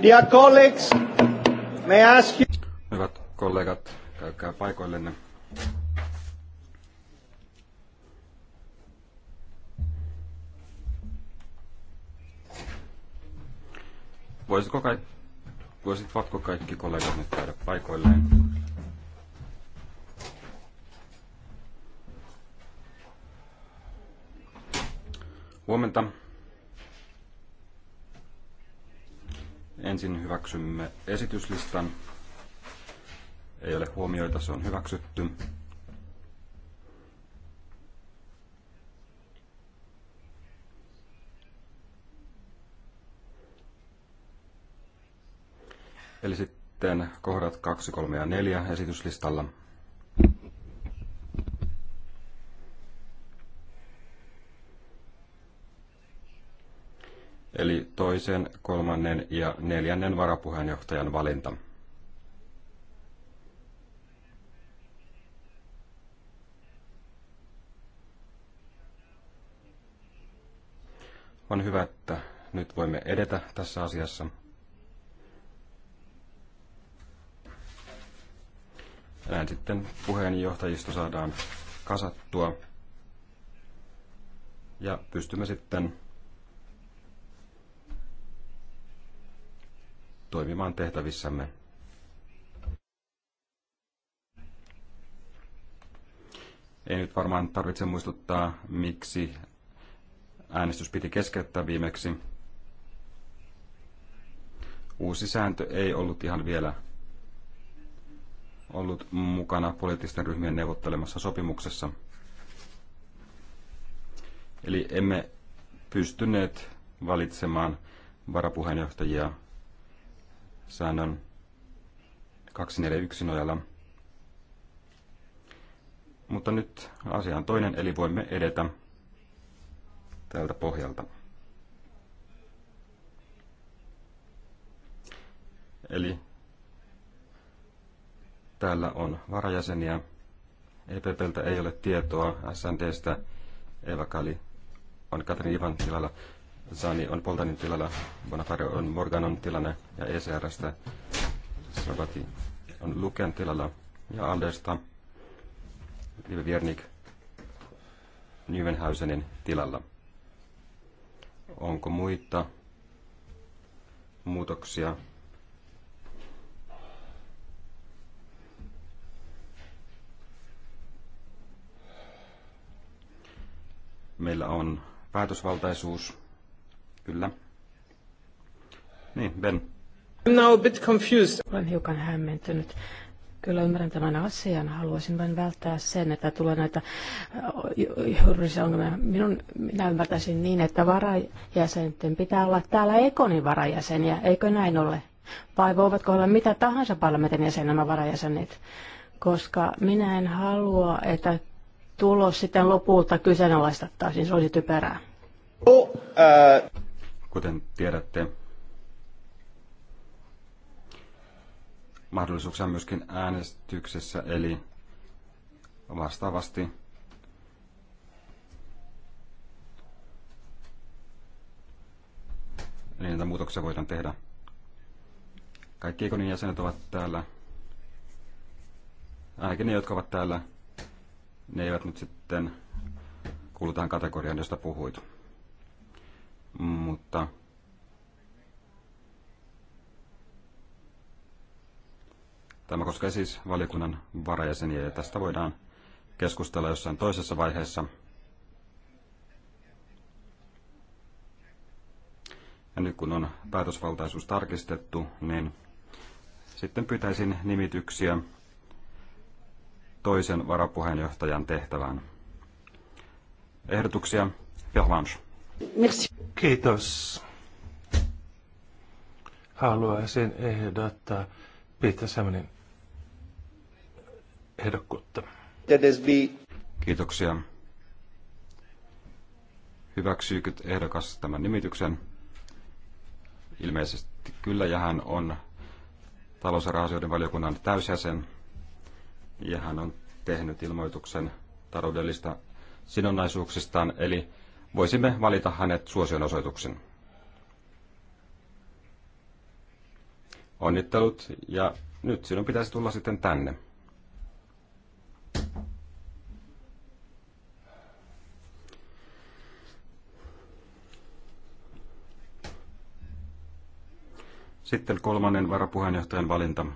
Dear colleagues, may ask you... Hyvät kollegat, käykää paikoillenne. Voisitko kai... Voisitko kaikki kollegat nyt käydä paikoilleen? Huomenta. Ensin hyväksymme esityslistan. Ei ole huomioita, se on hyväksytty. Eli sitten kohdat 2, 3 ja 4 esityslistalla. eli toisen, kolmannen ja neljännen varapuheenjohtajan valinta. On hyvä, että nyt voimme edetä tässä asiassa. Näin sitten puheenjohtajisto saadaan kasattua ja pystymme sitten toimimaan tehtävissämme. Ei nyt varmaan tarvitse muistuttaa, miksi äänestys piti keskeyttää viimeksi. Uusi sääntö ei ollut ihan vielä ollut mukana poliittisten ryhmien neuvottelemassa sopimuksessa. Eli emme pystyneet valitsemaan varapuheenjohtajia säännön 241 nojalla. Mutta nyt asia on toinen, eli voimme edetä tältä pohjalta. Eli täällä on varajäseniä. EPPltä ei ole tietoa SNDstä. Eva Kali on Katrin Ivan tilalla. Zani on Poltanin tilalla, Bonafare on Morganon tilanne ja ECRstä Sabati on Luken tilalla ja Aldersta Live Viernik Nyvenhäysenin tilalla. Onko muita muutoksia? Meillä on päätösvaltaisuus Kyllä. Niin, Ben. I'm now a bit confused. Olen hiukan hämmentynyt. Kyllä ymmärrän tämän asian. Haluaisin vain välttää sen, että tulee näitä juridisia ongelmia. Minun, minä ymmärtäisin niin, että varajäsenten pitää olla täällä Ekonin varajäseniä. Eikö näin ole? Vai voivatko olla mitä tahansa parlamentin jäsen nämä varajäsenet? Koska minä en halua, että tulos sitten lopulta kyseenalaistettaisiin. Se olisi typerää. Oh, uh kuten tiedätte. Mahdollisuuksia myöskin äänestyksessä, eli vastaavasti Eli näitä muutoksia voidaan tehdä. Kaikki ikonin jäsenet ovat täällä. Ainakin ne, jotka ovat täällä, ne eivät nyt sitten kuulu tähän kategoriaan, josta puhuit mutta tämä koskee siis valiokunnan varajäseniä ja tästä voidaan keskustella jossain toisessa vaiheessa. Ja nyt kun on päätösvaltaisuus tarkistettu, niin sitten pyytäisin nimityksiä toisen varapuheenjohtajan tehtävään. Ehdotuksia, Pervanche. Merci. Kiitos. Haluaisin ehdottaa Peter Säminen ehdokkuutta. Kiitoksia. Hyväksyykö ehdokas tämän nimityksen? Ilmeisesti kyllä, ja hän on talous- ja rahasioiden valiokunnan täysjäsen, ja hän on tehnyt ilmoituksen taloudellista sidonnaisuuksistaan, eli voisimme valita hänet suosionosoituksen. Onnittelut ja nyt sinun pitäisi tulla sitten tänne. Sitten kolmannen varapuheenjohtajan valinta.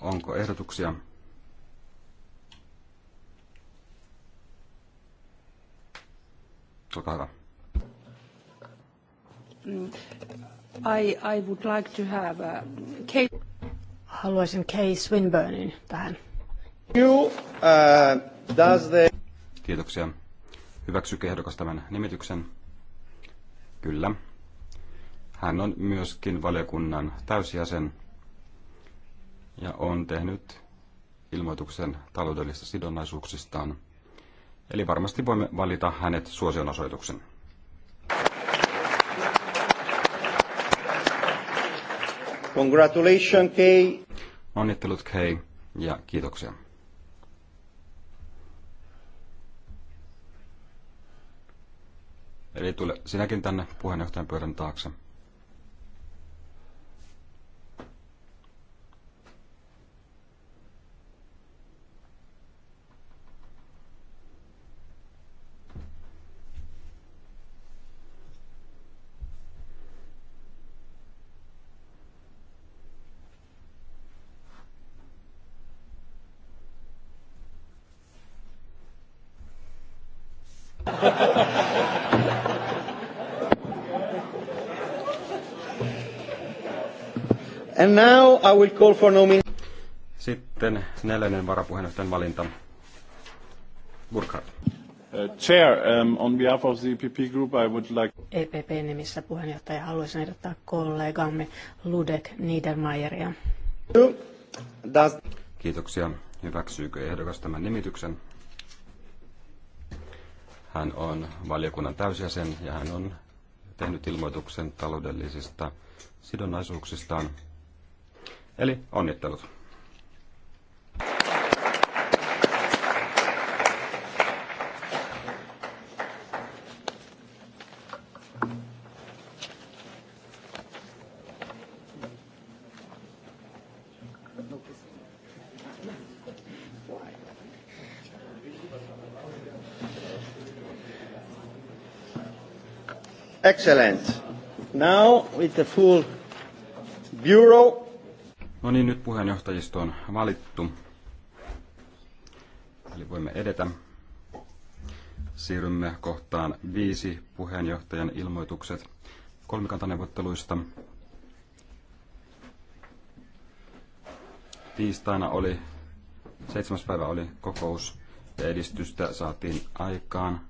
Onko ehdotuksia? Olkaa hyvä. Mm. I, I would like to have uh, a Haluaisin Kay Swinburnin tähän. You, uh, does the... Kiitoksia. Hyväksy ehdokas tämän nimityksen? Kyllä. Hän on myöskin valiokunnan täysjäsen ja on tehnyt ilmoituksen taloudellisista sidonnaisuuksistaan – Eli varmasti voimme valita hänet suosionosoituksen. Congratulations, Kay. Onnittelut, Kay, ja kiitoksia. Eli tule sinäkin tänne puheenjohtajan pöydän taakse. And now I will call for nomin- Sitten neljännen varapuheenjohtajan valinta. Burkhardt. Uh, chair, um, on behalf of the EPP Group, I would like... EPP-nimissä puheenjohtaja haluaisin ehdottaa kollegamme Ludek Niedermayeria. Does... Kiitoksia. Hyväksyykö ehdokas tämän nimityksen? Hän on valiokunnan täysjäsen ja hän on tehnyt ilmoituksen taloudellisista sidonnaisuuksistaan Eli onnittelut. Excellent. Now, with the full bureau, niin, nyt puheenjohtajisto on valittu. Eli voimme edetä. Siirrymme kohtaan viisi puheenjohtajan ilmoitukset kolmikantaneuvotteluista. Tiistaina oli, seitsemäs päivä oli kokous ja edistystä saatiin aikaan.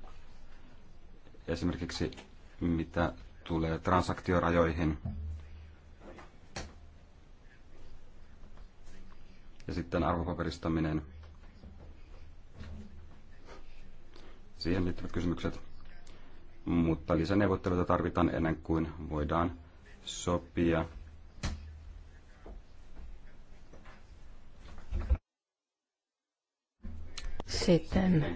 Esimerkiksi mitä tulee transaktiorajoihin Ja sitten arvopaperistaminen. Siihen liittyvät kysymykset. Mutta lisäneuvotteluita tarvitaan ennen kuin voidaan sopia Sitten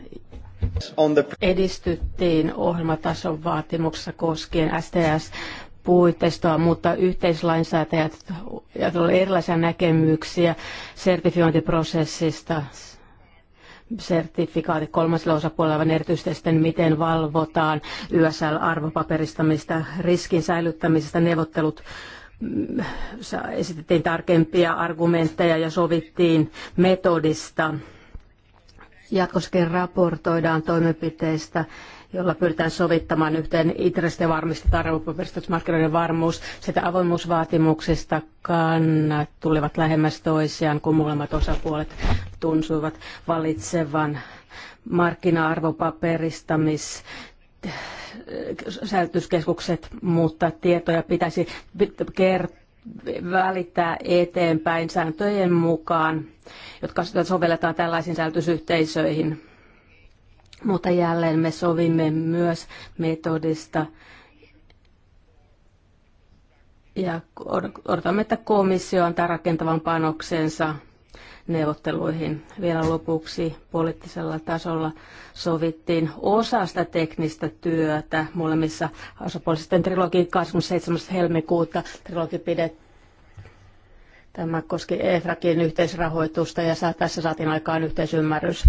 edistyttiin ohjelmatason vaatimuksessa koskien STS puitteista, mutta yhteislainsäätäjät ja erilaisia näkemyksiä sertifiointiprosessista, sertifikaatit kolmasilla osapuolella, vaan erityisesti sitten miten valvotaan YSL-arvopaperistamista, riskin säilyttämisestä, neuvottelut mm, esitettiin tarkempia argumentteja ja sovittiin metodista. Jatkossakin raportoidaan toimenpiteistä jolla pyritään sovittamaan yhteen intressit ja varmistetaan arvopaperistusmarkkinoiden varmuus. Sitä avoimuusvaatimuksista kannat tulivat lähemmäs toisiaan, kun molemmat osapuolet tunsuivat valitsevan markkina-arvopaperistamis säilytyskeskukset, mutta tietoja pitäisi kertoa välittää eteenpäin sääntöjen mukaan, jotka sovelletaan tällaisiin säilytysyhteisöihin. Mutta jälleen me sovimme myös metodista ja odotamme, että komissio antaa rakentavan panoksensa neuvotteluihin. Vielä lopuksi poliittisella tasolla sovittiin osasta teknistä työtä molemmissa osapuolisten Trilogi 27. helmikuuta trilogi pidettiin Tämä koski EFRAKin yhteisrahoitusta ja tässä saatiin aikaan yhteisymmärrys.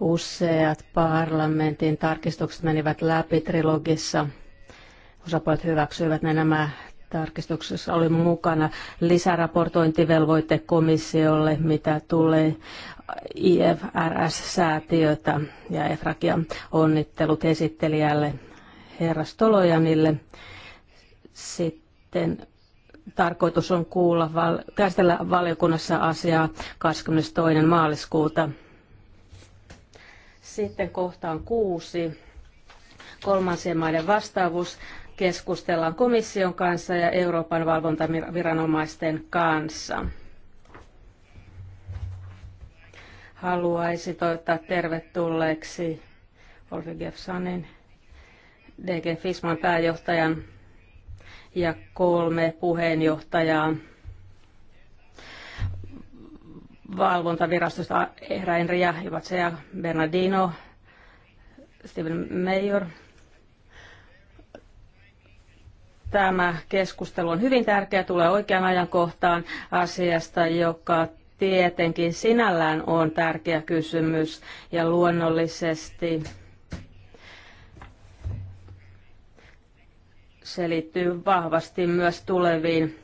Useat parlamentin tarkistukset menivät läpi trilogissa. Osapuolet hyväksyivät ne nämä tarkistuksessa oli mukana lisäraportointivelvoite komissiolle, mitä tulee IFRS-säätiötä ja EFRAKia onnittelut esittelijälle herra Stolojanille. Sitten tarkoitus on kuulla, val, käsitellä valiokunnassa asiaa 22. maaliskuuta. Sitten kohtaan kuusi. Kolmansien maiden vastaavuus. Keskustellaan komission kanssa ja Euroopan valvontaviranomaisten kanssa. Haluaisin toivottaa tervetulleeksi Olvi Gefsanin, DG Fisman pääjohtajan ja kolme puheenjohtajaa valvontavirastosta Ehra Enria, Juvatseja Bernardino, Steven Major. Tämä keskustelu on hyvin tärkeä, tulee oikean ajankohtaan asiasta, joka tietenkin sinällään on tärkeä kysymys ja luonnollisesti Se liittyy vahvasti myös tuleviin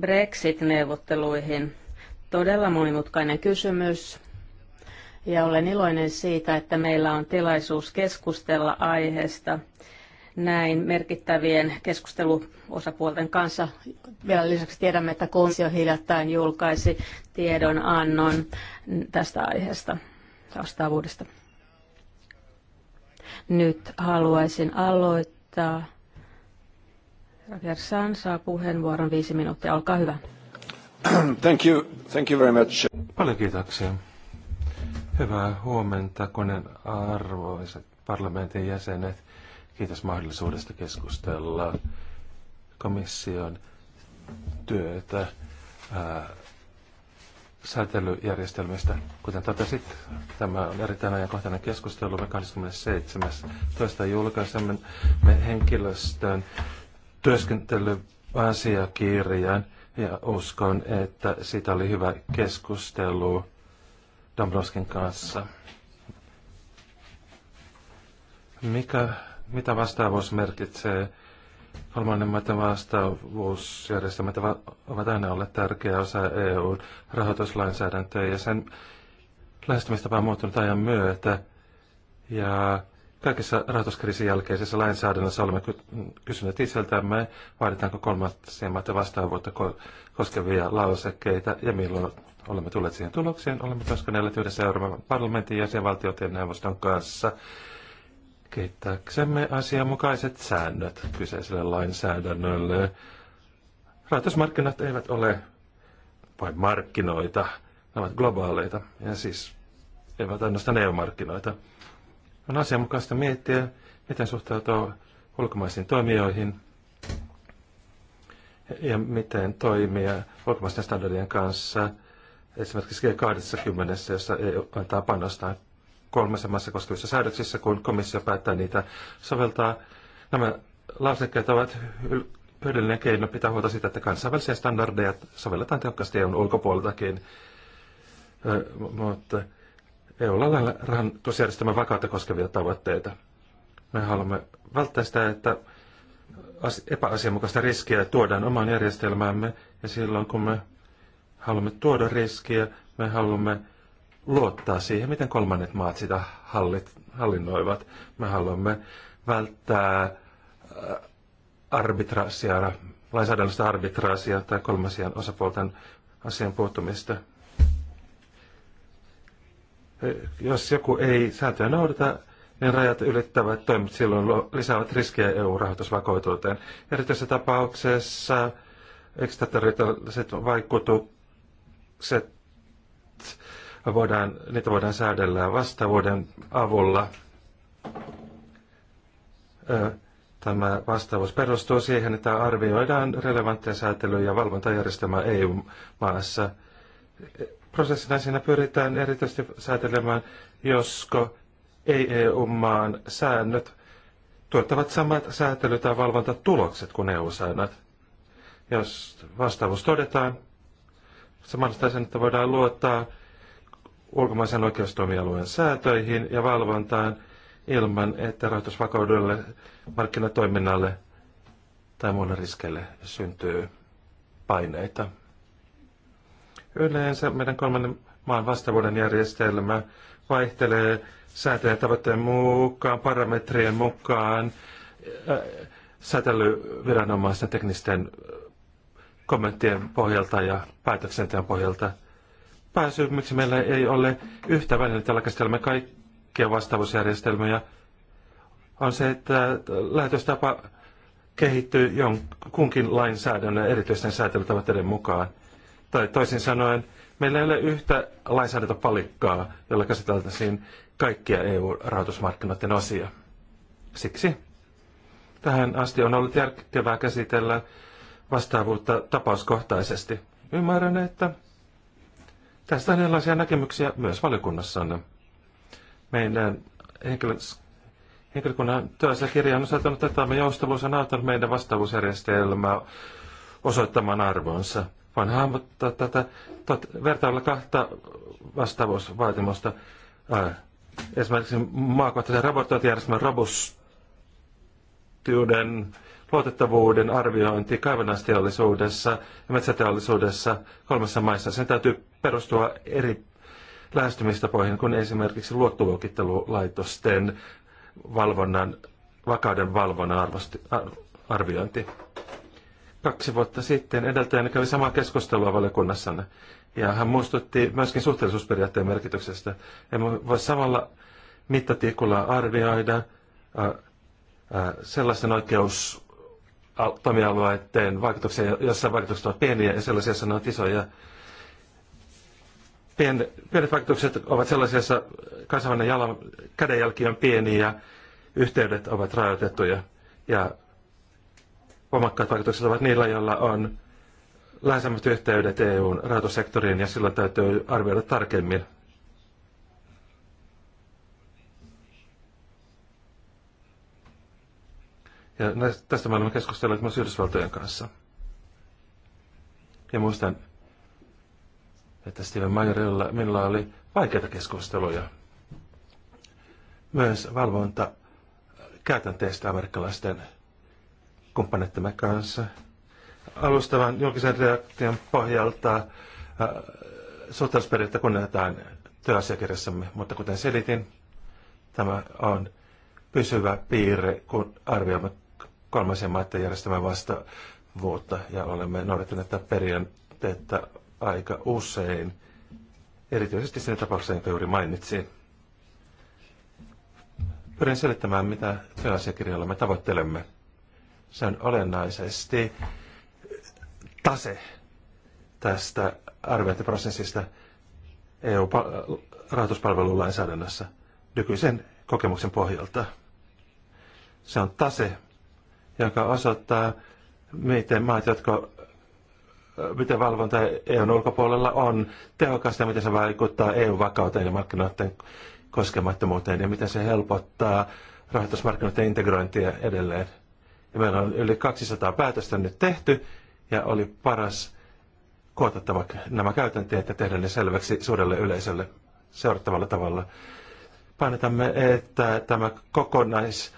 Brexit-neuvotteluihin. Todella monimutkainen kysymys. Ja olen iloinen siitä, että meillä on tilaisuus keskustella aiheesta näin merkittävien keskusteluosapuolten kanssa. Vielä lisäksi tiedämme, että komissio hiljattain julkaisi tiedonannon tästä aiheesta vastaavuudesta. Nyt haluaisin aloittaa Versan saa puheenvuoron viisi minuuttia. Olkaa hyvä. Thank you. Thank you very much. Paljon kiitoksia. Hyvää huomenta, konen arvoiset parlamentin jäsenet. Kiitos mahdollisuudesta keskustella komission työtä ää, säätelyjärjestelmistä. Kuten totesit, tämä on erittäin ajankohtainen keskustelu. Me 27.2. julkaisemme me henkilöstön asiakirjan ja uskon, että siitä oli hyvä keskustelu Dombrovskin kanssa. Mikä, mitä vastaavuus merkitsee? Kolmannen maiden vastaavuusjärjestelmät ovat aina olleet tärkeä osa eu rahoituslainsäädäntöä ja sen lähestymistapa on muuttunut ajan myötä. Ja Kaikessa rahoituskriisin jälkeisessä lainsäädännössä olemme kysyneet itseltämme, vaaditaanko kolmansien maiden vastaavuutta koskevia lausekkeita ja milloin olemme tulleet siihen tulokseen. Olemme työskennelleet yhdessä Euroopan parlamentin jäsenvaltioiden neuvoston kanssa kehittääksemme asianmukaiset säännöt kyseiselle lainsäädännölle. Rahoitusmarkkinat eivät ole vain markkinoita, ne ovat globaaleita ja siis eivät ainoastaan EU-markkinoita. On asianmukaista miettiä, miten suhtautuu ulkomaisiin toimijoihin ja miten toimia ulkomaisten standardien kanssa esimerkiksi G20, jossa EU antaa panostaa kolmessa maassa koskevissa säädöksissä, kun komissio päättää niitä soveltaa. Nämä lausekkeet ovat hyödyllinen keino pitää huolta siitä, että kansainvälisiä standardeja sovelletaan tehokkaasti EUn ulkopuoleltakin. Mutta EUlla on lähellä rahoitusjärjestelmän vakautta koskevia tavoitteita. Me haluamme välttää sitä, että epäasianmukaista riskiä tuodaan omaan järjestelmäämme, ja silloin kun me haluamme tuoda riskiä, me haluamme luottaa siihen, miten kolmannet maat sitä hallit, hallinnoivat. Me haluamme välttää äh, arbitraasia, lainsäädännöllistä arbitraasia tai kolmasien osapuolten asian puuttumista. Jos joku ei sääntöjä noudata, niin rajat ylittävät toimet silloin lisäävät riskejä EU-rahoitusvakoituuteen. Erityisessä tapauksessa ekstraterritoriaaliset vaikutukset voidaan, niitä voidaan säädellä vastaavuuden avulla. Tämä vastaavuus perustuu siihen, että arvioidaan relevantteja säätelyä ja valvontajärjestelmää EU-maassa prosessina siinä pyritään erityisesti säätelemään, josko ei-EU-maan säännöt tuottavat samat säätely- tai valvontatulokset kuin EU-säännöt. Jos vastaavuus todetaan, se mahdollistaa sen, että voidaan luottaa ulkomaisen oikeustoimialueen säätöihin ja valvontaan ilman, että rahoitusvakaudelle, markkinatoiminnalle tai muille riskeille syntyy paineita. Yleensä meidän kolmannen maan vastavuuden järjestelmä vaihtelee säätäjän tavoitteen mukaan, parametrien mukaan, säätelyviranomaisten teknisten kommenttien pohjalta ja päätöksenteon pohjalta. Pääsy, miksi meillä ei ole yhtä välinettä, tarkastelemme kaikkia vastaavuusjärjestelmiä, on se, että lähetystapa kehittyy jonkunkin lainsäädännön erityisten säätelytavoitteiden mukaan. Tai toisin sanoen, meillä ei ole yhtä lainsäädäntöpalikkaa, jolla käsiteltäisiin kaikkia EU-rahoitusmarkkinoiden osia. Siksi tähän asti on ollut järkevää käsitellä vastaavuutta tapauskohtaisesti. Ymmärrän, että tästä on erilaisia näkemyksiä myös valiokunnassanne. Meidän henkilökunnan työssä kirja on osoittanut, että tämä joustavuus on auttanut meidän vastaavuusjärjestelmää osoittamaan arvonsa – vaan hahmottaa tätä tot, vertailla kahta vastaavuusvaatimusta. esimerkiksi maakohtaisen raportointijärjestelmän robustiuden luotettavuuden arviointi kaivannaisteollisuudessa ja metsäteollisuudessa kolmessa maissa. Sen täytyy perustua eri lähestymistapoihin kuin esimerkiksi luottoluokittelulaitosten valvonnan, vakauden valvonnan arvosti, arviointi kaksi vuotta sitten edeltäjänne kävi samaa keskustelua valiokunnassanne. Ja hän muistutti myöskin suhteellisuusperiaatteen merkityksestä. Emme voi samalla mittatiikulla arvioida äh, äh, sellaisen oikeus toimialueiden vaikutuksia, joissa vaikutukset ovat pieniä ja sellaisia, joissa ne ovat isoja. Pien, pienet vaikutukset ovat sellaisia, joissa kansainvälinen jalan, kädenjälki on pieni ja yhteydet ovat rajoitettuja. Ja voimakkaat vaikutukset ovat niillä, joilla on läheisemmät yhteydet EUn rahoitussektoriin ja sillä täytyy arvioida tarkemmin. Ja tästä me olemme keskustelleet myös Yhdysvaltojen kanssa. Ja muistan, että Steven Majorilla minulla oli vaikeita keskusteluja. Myös valvonta käytänteistä amerikkalaisten kumppaneittemme kanssa. Alustavan julkisen reaktion pohjalta äh, suhteellisuusperiaatetta kunnioitetaan työasiakirjassamme, mutta kuten selitin, tämä on pysyvä piirre, kun arvioimme kolmansien maiden vasta vastavuutta ja olemme noudattaneet tätä periaatteetta aika usein, erityisesti sen tapauksessa, jonka juuri mainitsin. Pyrin selittämään, mitä työasiakirjalla me tavoittelemme. Se on olennaisesti tase tästä arviointiprosessista EU-rahoituspalvelulainsäädännössä nykyisen kokemuksen pohjalta. Se on tase, joka osoittaa, miten maat, jotka miten valvonta EUn ulkopuolella on tehokasta, miten se vaikuttaa EU-vakauteen ja markkinoiden koskemattomuuteen ja miten se helpottaa rahoitusmarkkinoiden integrointia edelleen. Ja meillä on yli 200 päätöstä nyt tehty ja oli paras koottava nämä käytänteet ja tehdä ne selväksi suurelle yleisölle seurattavalla tavalla. Painotamme, että tämä kokonais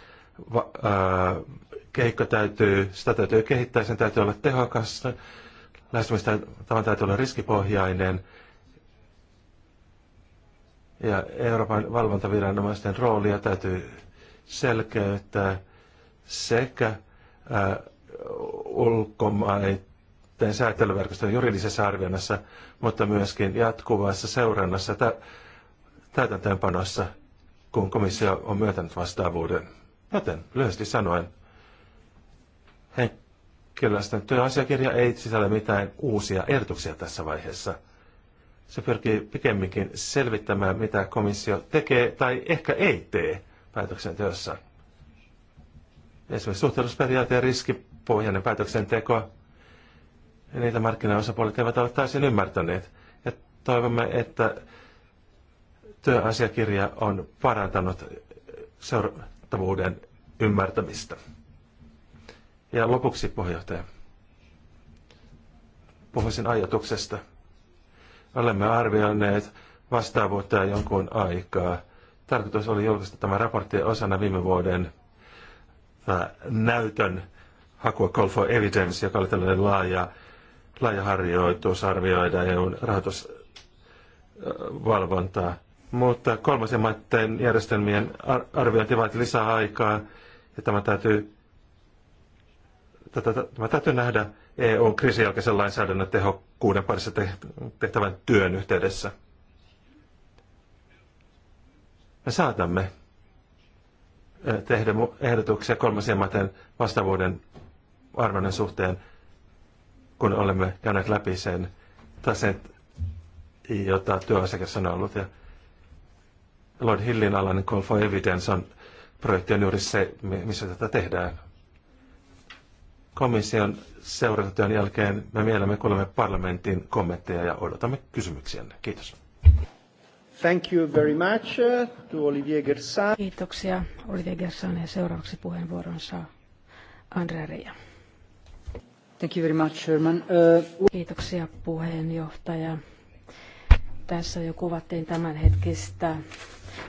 kehikko täytyy, sitä täytyy kehittää, sen täytyy olla tehokas, lähestymistavan täytyy olla riskipohjainen. Ja Euroopan valvontaviranomaisten roolia täytyy selkeyttää sekä ää, äh, ulkomaiden säätelyverkoston juridisessa arvioinnissa, mutta myöskin jatkuvassa seurannassa tä- täytäntöönpanossa, kun komissio on myöntänyt vastaavuuden. Joten lyhyesti sanoen, henkilöstön työasiakirja ei sisällä mitään uusia ehdotuksia tässä vaiheessa. Se pyrkii pikemminkin selvittämään, mitä komissio tekee tai ehkä ei tee päätöksenteossa esimerkiksi suhteellisuusperiaate ja riskipohjainen päätöksenteko, niitä markkinaosapuolet eivät ole täysin ymmärtäneet. Ja toivomme, että työasiakirja on parantanut seurattavuuden ymmärtämistä. Ja lopuksi puheenjohtaja. Puhuisin ajatuksesta. Olemme arvioineet vastaavuutta jonkun aikaa. Tarkoitus oli julkaista tämä raportti osana viime vuoden Äh, näytön hakua Call for Evidence, joka oli tällainen laaja, laaja harjoitus arvioida EUn rahoitusvalvontaa. Mutta kolmasen maiden järjestelmien arviointi vaatii lisää aikaa ja tämä täytyy, tätä, tämä täytyy nähdä EUn kriisijälkeisen lainsäädännön tehokkuuden parissa tehtävän työn yhteydessä. Me saatamme tehdä ehdotuksia kolmasien maiden vastavuuden arvonnan suhteen, kun olemme käyneet läpi sen taseen, jota työasiakas on ollut. Ja Lord Hillin alainen Call for Evidence on projekti on juuri se, missä tätä tehdään. Komission seurantatyön jälkeen me mielemme kuulemme parlamentin kommentteja ja odotamme kysymyksiänne. Kiitos. Thank you very much uh, to Olivier Gersan. Kiitoksia Olivier Gersan ja seuraavaksi puheenvuoron saa Andrea Reija. Thank you very much, Uh... Kiitoksia puheenjohtaja. Tässä jo kuvattiin tämänhetkistä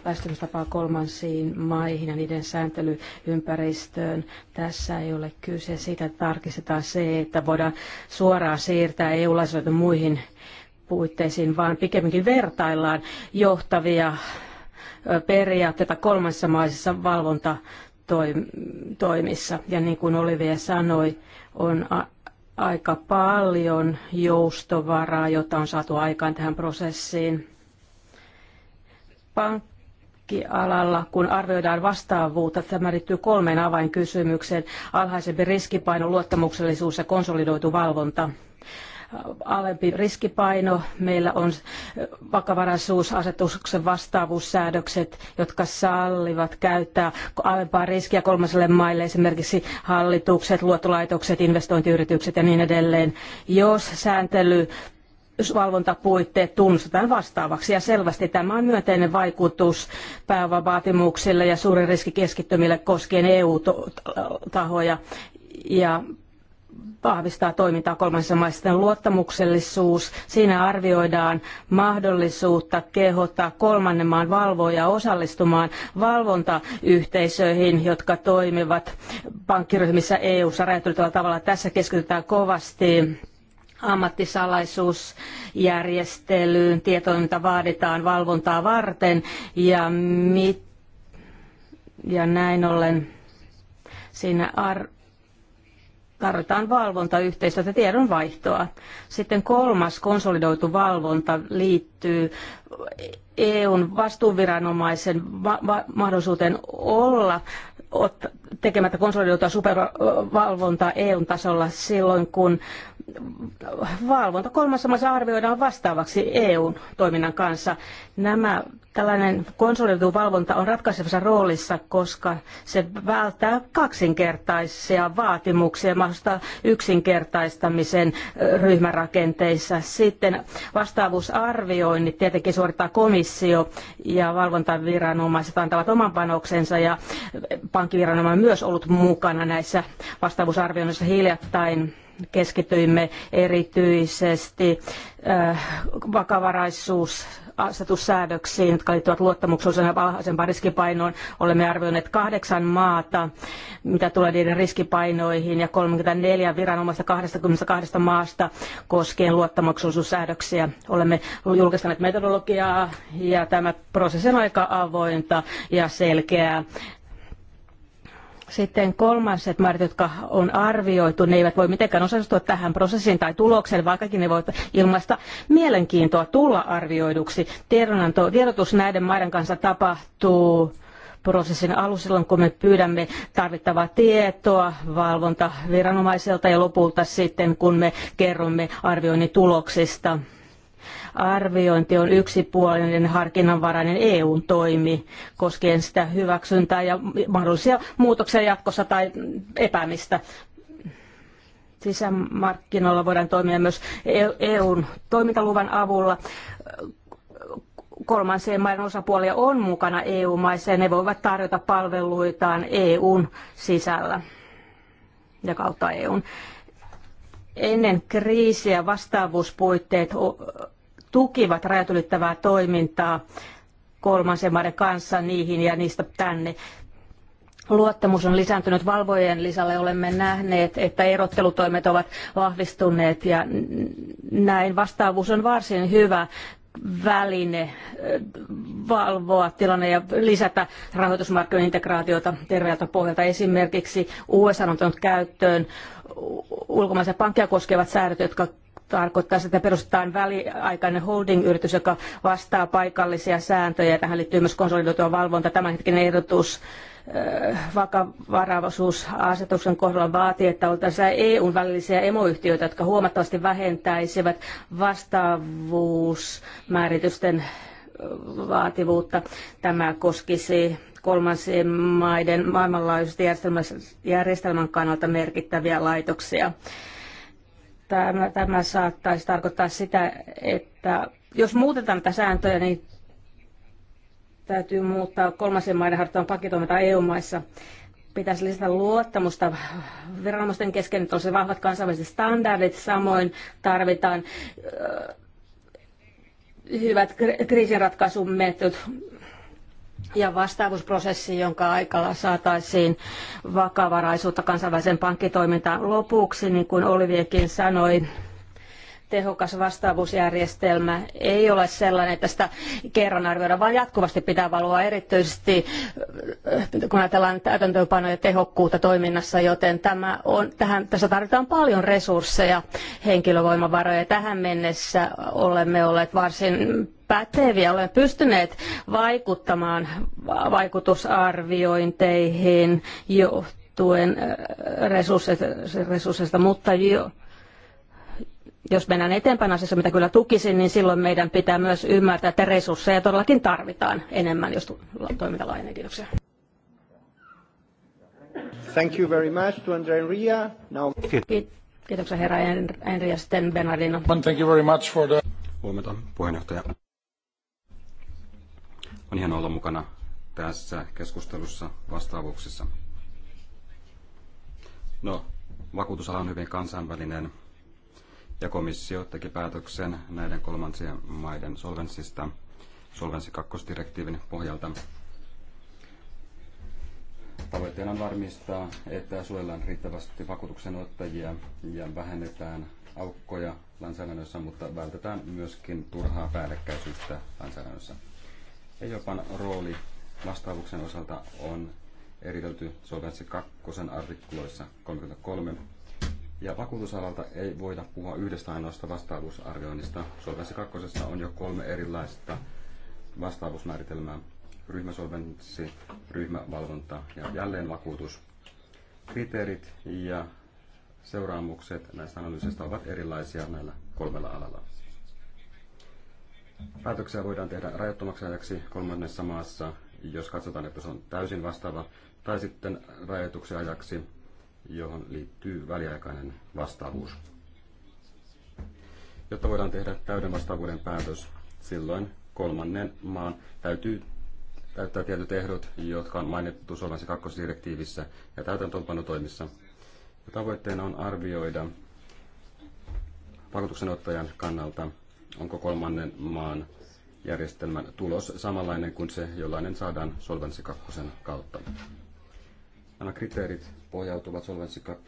lähestymistapaa kolmansiin maihin ja niiden sääntelyympäristöön. Tässä ei ole kyse siitä, että tarkistetaan se, että voidaan suoraan siirtää eu laisuudet muihin puitteisiin, vaan pikemminkin vertaillaan johtavia periaatteita kolmansissa maisissa valvontatoimissa. Ja niin kuin Olivia sanoi, on aika paljon joustovaraa, jota on saatu aikaan tähän prosessiin. Pankkialalla, kun arvioidaan vastaavuutta, tämä liittyy kolmeen avainkysymykseen. Alhaisempi riskipaino, luottamuksellisuus ja konsolidoitu valvonta alempi riskipaino, meillä on vakavaraisuusasetuksen vastaavuussäädökset, jotka sallivat käyttää alempaa riskiä kolmaselle maille, esimerkiksi hallitukset, luottolaitokset, investointiyritykset ja niin edelleen. Jos sääntely valvontapuitteet tunnustetaan vastaavaksi. Ja selvästi tämä on myönteinen vaikutus pääomavaatimuksille ja riski keskittymille koskien EU-tahoja. Ja vahvistaa toimintaa kolmansissa maissa. luottamuksellisuus, siinä arvioidaan mahdollisuutta kehottaa kolmannen maan valvoja osallistumaan valvontayhteisöihin, jotka toimivat pankkiryhmissä EU-ssa räjähtelytävällä tavalla. Tässä keskitytään kovasti ammattisalaisuusjärjestelyyn, tietoiminta vaaditaan valvontaa varten ja, mit, ja näin ollen siinä ar- tarvitaan valvontayhteistyötä, tiedonvaihtoa. Sitten kolmas konsolidoitu valvonta liittyy EUn vastuuviranomaisen mahdollisuuteen olla tekemättä konsolidoitua supervalvontaa EUn tasolla silloin, kun valvonta kolmassa maassa arvioidaan vastaavaksi EUn toiminnan kanssa. Nämä, tällainen konsolidoitu valvonta on ratkaisevassa roolissa, koska se välttää kaksinkertaisia vaatimuksia, mahdollista yksinkertaistamisen ryhmärakenteissa. Sitten vastaavuusarvioinnit tietenkin suorittaa komissio ja valvontaviranomaiset antavat oman panoksensa ja pankkiviranomainen on myös ollut mukana näissä vastaavuusarvioinnissa hiljattain keskityimme erityisesti äh, vakavaraisuus asetussäädöksiin, jotka liittyvät luottamukselliseen ja alhaisempaan riskipainoon. Olemme arvioineet kahdeksan maata, mitä tulee niiden riskipainoihin, ja 34 viranomaista 22 maasta koskien luottamuksellisuussäädöksiä. Olemme julkistaneet metodologiaa, ja tämä prosessi on aika avointa ja selkeää. Sitten kolmaset määrät, jotka on arvioitu, ne eivät voi mitenkään osallistua tähän prosessiin tai tulokseen, vaikkakin ne voivat ilmaista mielenkiintoa tulla arvioiduksi. Tiedonanto, tiedotus näiden maiden kanssa tapahtuu prosessin alussa silloin, kun me pyydämme tarvittavaa tietoa valvontaviranomaiselta ja lopulta sitten, kun me kerromme arvioinnin tuloksista arviointi on yksipuolinen harkinnanvarainen EUn toimi koskien sitä hyväksyntää ja mahdollisia muutoksia jatkossa tai epäämistä sisämarkkinoilla voidaan toimia myös e- EUn toimintaluvan avulla. Kolmansien maiden osapuolia on mukana EU-maissa ja ne voivat tarjota palveluitaan EUn sisällä ja kautta EUn. Ennen kriisiä vastaavuuspuitteet tukivat rajatulittavaa toimintaa kolmansien maiden kanssa niihin ja niistä tänne. Luottamus on lisääntynyt valvojen lisälle. Olemme nähneet, että erottelutoimet ovat vahvistuneet ja näin vastaavuus on varsin hyvä väline eh, valvoa tilanne ja lisätä rahoitusmarkkinoiden integraatiota terveeltä pohjalta. Esimerkiksi USA on ottanut käyttöön ulkomaisia pankkeja koskevat säädöt, jotka tarkoittaa sitä, että perustetaan väliaikainen holding-yritys, joka vastaa paikallisia sääntöjä. Tähän liittyy myös konsolidoitua valvonta. Tämänhetkinen ehdotus äh, vakavaraisuusasetuksen kohdalla vaatii, että oltaisiin EUn välillisiä emoyhtiöitä, jotka huomattavasti vähentäisivät vastaavuusmääritysten äh, vaativuutta. Tämä koskisi kolmansien maiden maailmanlaajuisesti järjestelmän kannalta merkittäviä laitoksia tämä, tämä saattaisi tarkoittaa sitä, että jos muutetaan näitä sääntöjä, niin täytyy muuttaa kolmansien maiden harjoittaman pakitoiminta EU-maissa. Pitäisi lisätä luottamusta viranomaisten kesken, että se vahvat kansainväliset standardit, samoin tarvitaan hyvät kriisinratkaisumetot, ja vastaavuusprosessi, jonka aikana saataisiin vakavaraisuutta kansainväliseen pankkitoimintaan lopuksi, niin kuin Oliviekin sanoi, tehokas vastaavuusjärjestelmä ei ole sellainen, että sitä kerran arvioida, vaan jatkuvasti pitää valvoa erityisesti, äh, kun ajatellaan täytäntöönpanoja tehokkuutta toiminnassa, joten tämä on, tähän, tässä tarvitaan paljon resursseja, henkilövoimavaroja. Tähän mennessä olemme olleet varsin päteviä, olemme pystyneet vaikuttamaan vaikutusarviointeihin johtuen äh, resursseista, resursseista mutta jo, jos mennään eteenpäin asiassa, mitä kyllä tukisin, niin silloin meidän pitää myös ymmärtää, että resursseja todellakin tarvitaan enemmän, jos toiminta laajenee. Kiitoksia. Thank you very much to Andrea Enria. Now... Kiitoksia herra Enria, sitten Bernardino. Thank you very much for the... Huomenta puheenjohtaja. On ihan olla mukana tässä keskustelussa vastaavuuksissa. No, vakuutusala on hyvin kansainvälinen ja komissio teki päätöksen näiden kolmansien maiden solvenssista solvenssi kakkosdirektiivin pohjalta. Tavoitteena on varmistaa, että suojellaan riittävästi vakuutuksenottajia ja vähennetään aukkoja lainsäädännössä, mutta vältetään myöskin turhaa päällekkäisyyttä lainsäädännössä. Ejopan rooli vastaavuksen osalta on eritelty Solvenssi 2 artikloissa 33 ja vakuutusalalta ei voida puhua yhdestä ainoasta vastaavuusarvioinnista. Solvenssi kakkosessa on jo kolme erilaista vastaavuusmääritelmää. Ryhmäsolvenssi, ryhmävalvonta ja jälleen vakuutus. Kriteerit ja seuraamukset näistä analyysistä ovat erilaisia näillä kolmella alalla. Päätöksiä voidaan tehdä rajoittomaksi ajaksi kolmannessa maassa, jos katsotaan, että se on täysin vastaava, tai sitten rajoituksen ajaksi, johon liittyy väliaikainen vastaavuus. Jotta voidaan tehdä täyden vastaavuuden päätös, silloin kolmannen maan täytyy täyttää tietyt ehdot, jotka on mainittu Solvensi 2 direktiivissä ja täytäntöönpanotoimissa. Ja tavoitteena on arvioida vakuutuksenottajan kannalta, onko kolmannen maan järjestelmän tulos samanlainen kuin se, jollainen saadaan Solvensi 2 kautta. Nämä kriteerit pohjautuvat Solvenssi 2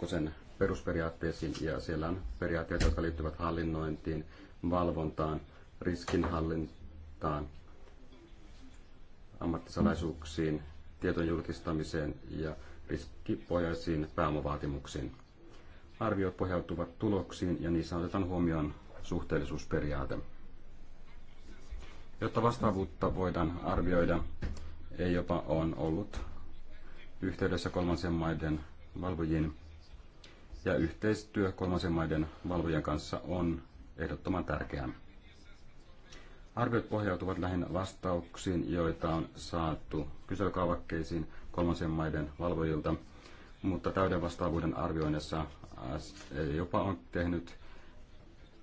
perusperiaatteisiin ja siellä on periaatteita, jotka liittyvät hallinnointiin, valvontaan, riskinhallintaan, ammattisalaisuuksiin, tietojen julkistamiseen ja riskipohjaisiin pääomavaatimuksiin. Arviot pohjautuvat tuloksiin ja niissä otetaan huomioon suhteellisuusperiaate. Jotta vastaavuutta voidaan arvioida, ei jopa on ollut yhteydessä kolmansien maiden valvojiin. Ja yhteistyö kolmansien maiden valvojien kanssa on ehdottoman tärkeää. Arviot pohjautuvat lähinnä vastauksiin, joita on saatu kyselykaavakkeisiin kolmansien maiden valvojilta, mutta täyden vastaavuuden arvioinnissa e jopa on tehnyt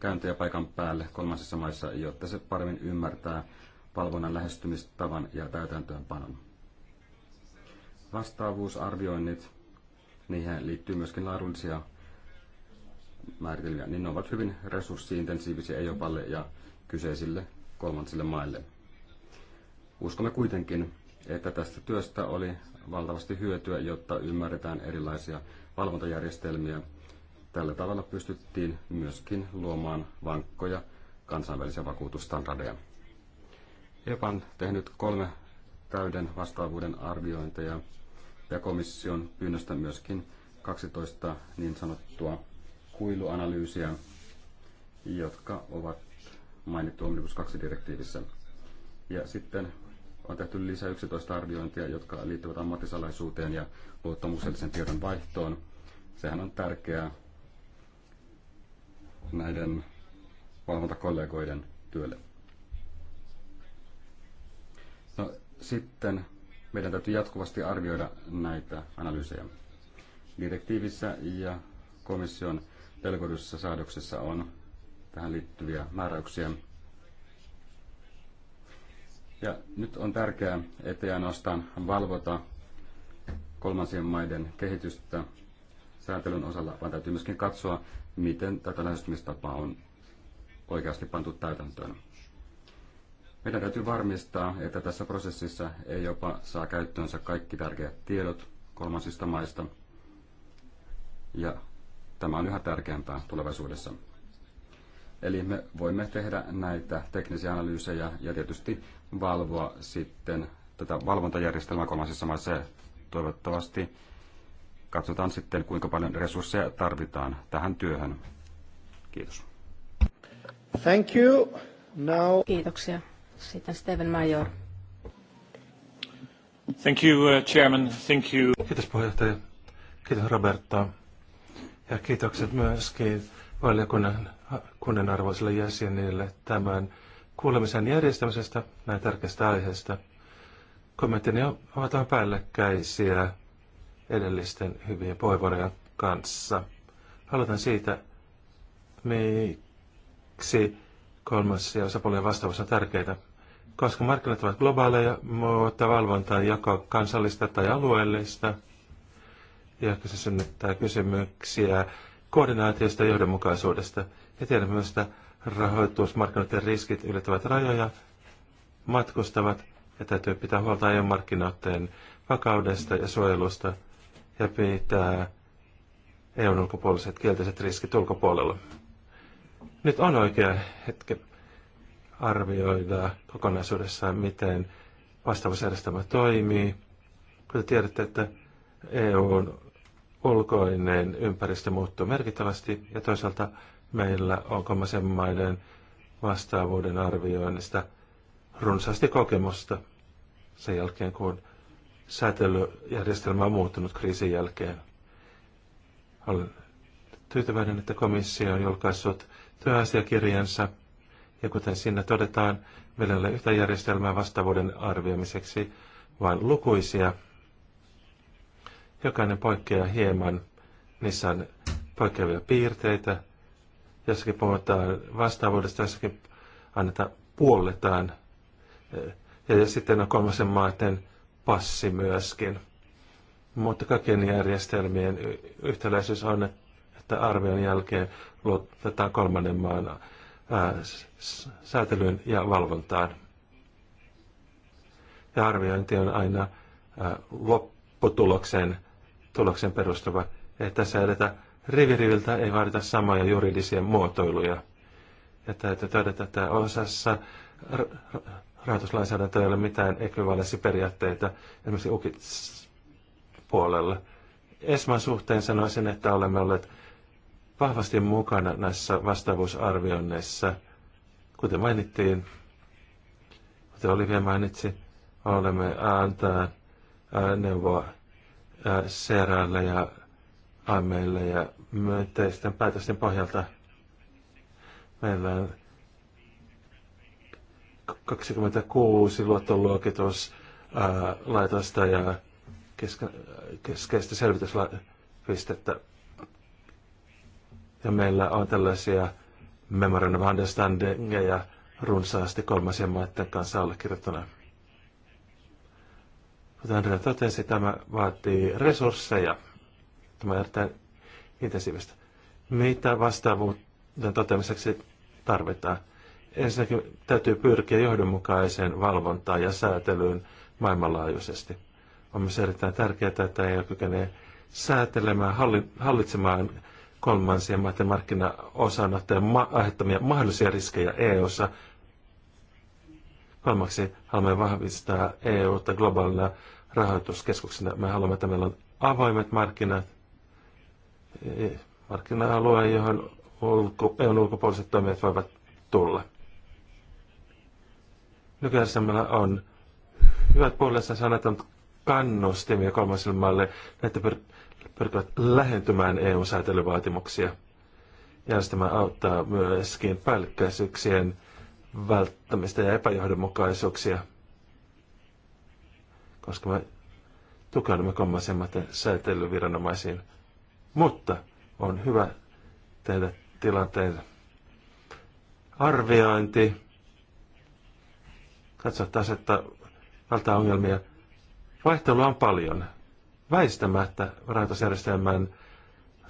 käyntejä paikan päälle kolmansissa maissa, jotta se paremmin ymmärtää valvonnan lähestymistavan ja täytäntöönpanon vastaavuusarvioinnit, niihin liittyy myöskin laadullisia määritelmiä, niin ne ovat hyvin resurssiintensiivisiä EOPalle ja kyseisille kolmansille maille. Uskomme kuitenkin, että tästä työstä oli valtavasti hyötyä, jotta ymmärretään erilaisia valvontajärjestelmiä. Tällä tavalla pystyttiin myöskin luomaan vankkoja kansainvälisiä vakuutusstandardeja. EPA on tehnyt kolme täyden vastaavuuden arviointeja ja komission pyynnöstä myöskin 12 niin sanottua kuiluanalyysiä, jotka ovat mainittu Omnibus 2-direktiivissä. Ja sitten on tehty lisää 11 arviointia, jotka liittyvät ammattisalaisuuteen ja luottamuksellisen tiedon vaihtoon. Sehän on tärkeää näiden valvontakollegoiden työlle. No, sitten meidän täytyy jatkuvasti arvioida näitä analyysejä. Direktiivissä ja komission delegoidussa säädöksessä on tähän liittyviä määräyksiä. Ja nyt on tärkeää, ettei ainoastaan valvota kolmansien maiden kehitystä sääntelyn osalla, vaan täytyy myöskin katsoa, miten tätä lähestymistapaa on oikeasti pantu täytäntöön. Meidän täytyy varmistaa, että tässä prosessissa ei jopa saa käyttöönsä kaikki tärkeät tiedot kolmansista maista. Ja tämä on yhä tärkeämpää tulevaisuudessa. Eli me voimme tehdä näitä teknisiä analyysejä ja tietysti valvoa sitten tätä valvontajärjestelmää kolmansissa maissa toivottavasti katsotaan sitten, kuinka paljon resursseja tarvitaan tähän työhön. Kiitos. Thank you. Now... Kiitoksia. Sitten Steven Major. Thank you, uh, Chairman. Thank you. Kiitos puheenjohtaja. Kiitos Roberta. Ja kiitokset myöskin valiokunnan arvoisille jäsenille tämän kuulemisen järjestämisestä näin tärkeästä aiheesta. Kommenttini ovat vähän päällekkäisiä edellisten hyvien puheenvuorojen kanssa. Aloitan siitä, miksi kolmas ja osapuolien vastaus on tärkeää koska markkinat ovat globaaleja, mutta valvonta on joko kansallista tai alueellista, ja se synnyttää kysymyksiä koordinaatiosta ja johdonmukaisuudesta. Ja tiedämme myös, että rahoitusmarkkinoiden riskit ylittävät rajoja, matkustavat ja täytyy pitää huolta EU-markkinoiden vakaudesta ja suojelusta ja pitää eu ulkopuoliset kielteiset riskit ulkopuolella. Nyt on oikea hetki arvioida kokonaisuudessaan, miten vastaavuusjärjestelmä toimii. Kuten tiedätte, että EUn ulkoinen ympäristö muuttuu merkittävästi ja toisaalta meillä on kolmasen maiden vastaavuuden arvioinnista runsaasti kokemusta sen jälkeen, kun säätelyjärjestelmä on muuttunut kriisin jälkeen. Olen tyytyväinen, että komissio on julkaissut työasiakirjansa – ja kuten siinä todetaan, meillä ei ole yhtä järjestelmää vastavuuden arvioimiseksi, vaan lukuisia. Jokainen poikkeaa hieman. Niissä on poikkeavia piirteitä. Jossakin puhutaan vastaavuudesta, jossakin annetaan puolletaan. Ja sitten on kolmasen maiden passi myöskin. Mutta kaikkien järjestelmien yhtäläisyys on, että arvion jälkeen luotetaan kolmannen maan säätelyyn ja valvontaan. Ja arviointi on aina lopputuloksen tuloksen perustuva. Ei tässä edetä riviriviltä, ei vaadita samoja juridisia muotoiluja. Ja täytyy todeta, että osassa rahoituslainsäädäntöä ei ole mitään ekvivalenssiperiaatteita esimerkiksi UKIT puolella. Esman suhteen sanoisin, että olemme olleet vahvasti mukana näissä vastaavuusarvioinneissa. Kuten mainittiin, kuten Olivia mainitsi, olemme antaa neuvoa Seralle ja Aimeille ja myönteisten päätösten pohjalta meillä on 26 luottoluokituslaitosta ja keskeistä selvityspistettä ja meillä on tällaisia memorandum understandingeja runsaasti kolmasien maiden kanssa allekirjoittuna. Mutta Andrea totesi, tämä vaatii resursseja. Tämä on erittäin intensiivistä. Mitä vastaavuuden toteamiseksi tarvitaan? Ensinnäkin täytyy pyrkiä johdonmukaiseen valvontaan ja säätelyyn maailmanlaajuisesti. On myös erittäin tärkeää, että ei kykene säätelemään, hallitsemaan kolmansien maiden markkinaosanottajien ma- aiheuttamia mahdollisia riskejä EU:ssa. Kolmaksi haluamme vahvistaa EUta globaalina rahoituskeskuksena. Me haluamme, että meillä on avoimet markkinat, e, markkina-alue, johon ulko, EUn ulkopuoliset toimijat voivat tulla. Nykyään meillä on hyvät puolensa sanat kannustimia kolmasille maille, että pyr- pyrkivät lähentymään EU-säätelyvaatimuksia. Järjestelmä auttaa myöskin päällekkäisyyksien välttämistä ja epäjohdonmukaisuuksia, koska me tukeudumme kommasemmaten säätelyviranomaisiin. Mutta on hyvä tehdä tilanteen arviointi, katsoa että välttää ongelmia. Vaihtelua on paljon väistämättä rahoitusjärjestelmän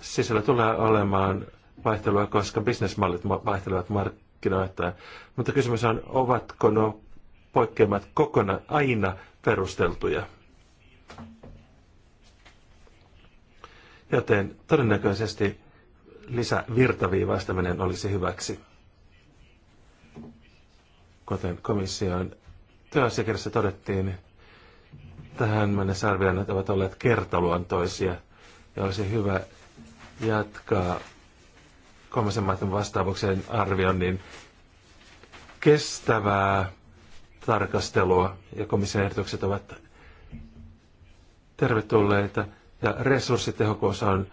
sisällä tulee olemaan vaihtelua, koska bisnesmallit vaihtelevat markkinoita. Mutta kysymys on, ovatko nuo poikkeamat kokonaan aina perusteltuja? Joten todennäköisesti lisävirtaviivaistaminen olisi hyväksi. Kuten komission työasiakirjassa todettiin, tähän mennessä arvioinnit ovat olleet kertaluontoisia ja olisi hyvä jatkaa kolmasen maiden vastaavuksen arvioinnin kestävää tarkastelua ja komission ehdotukset ovat tervetulleita ja resurssitehokkuus on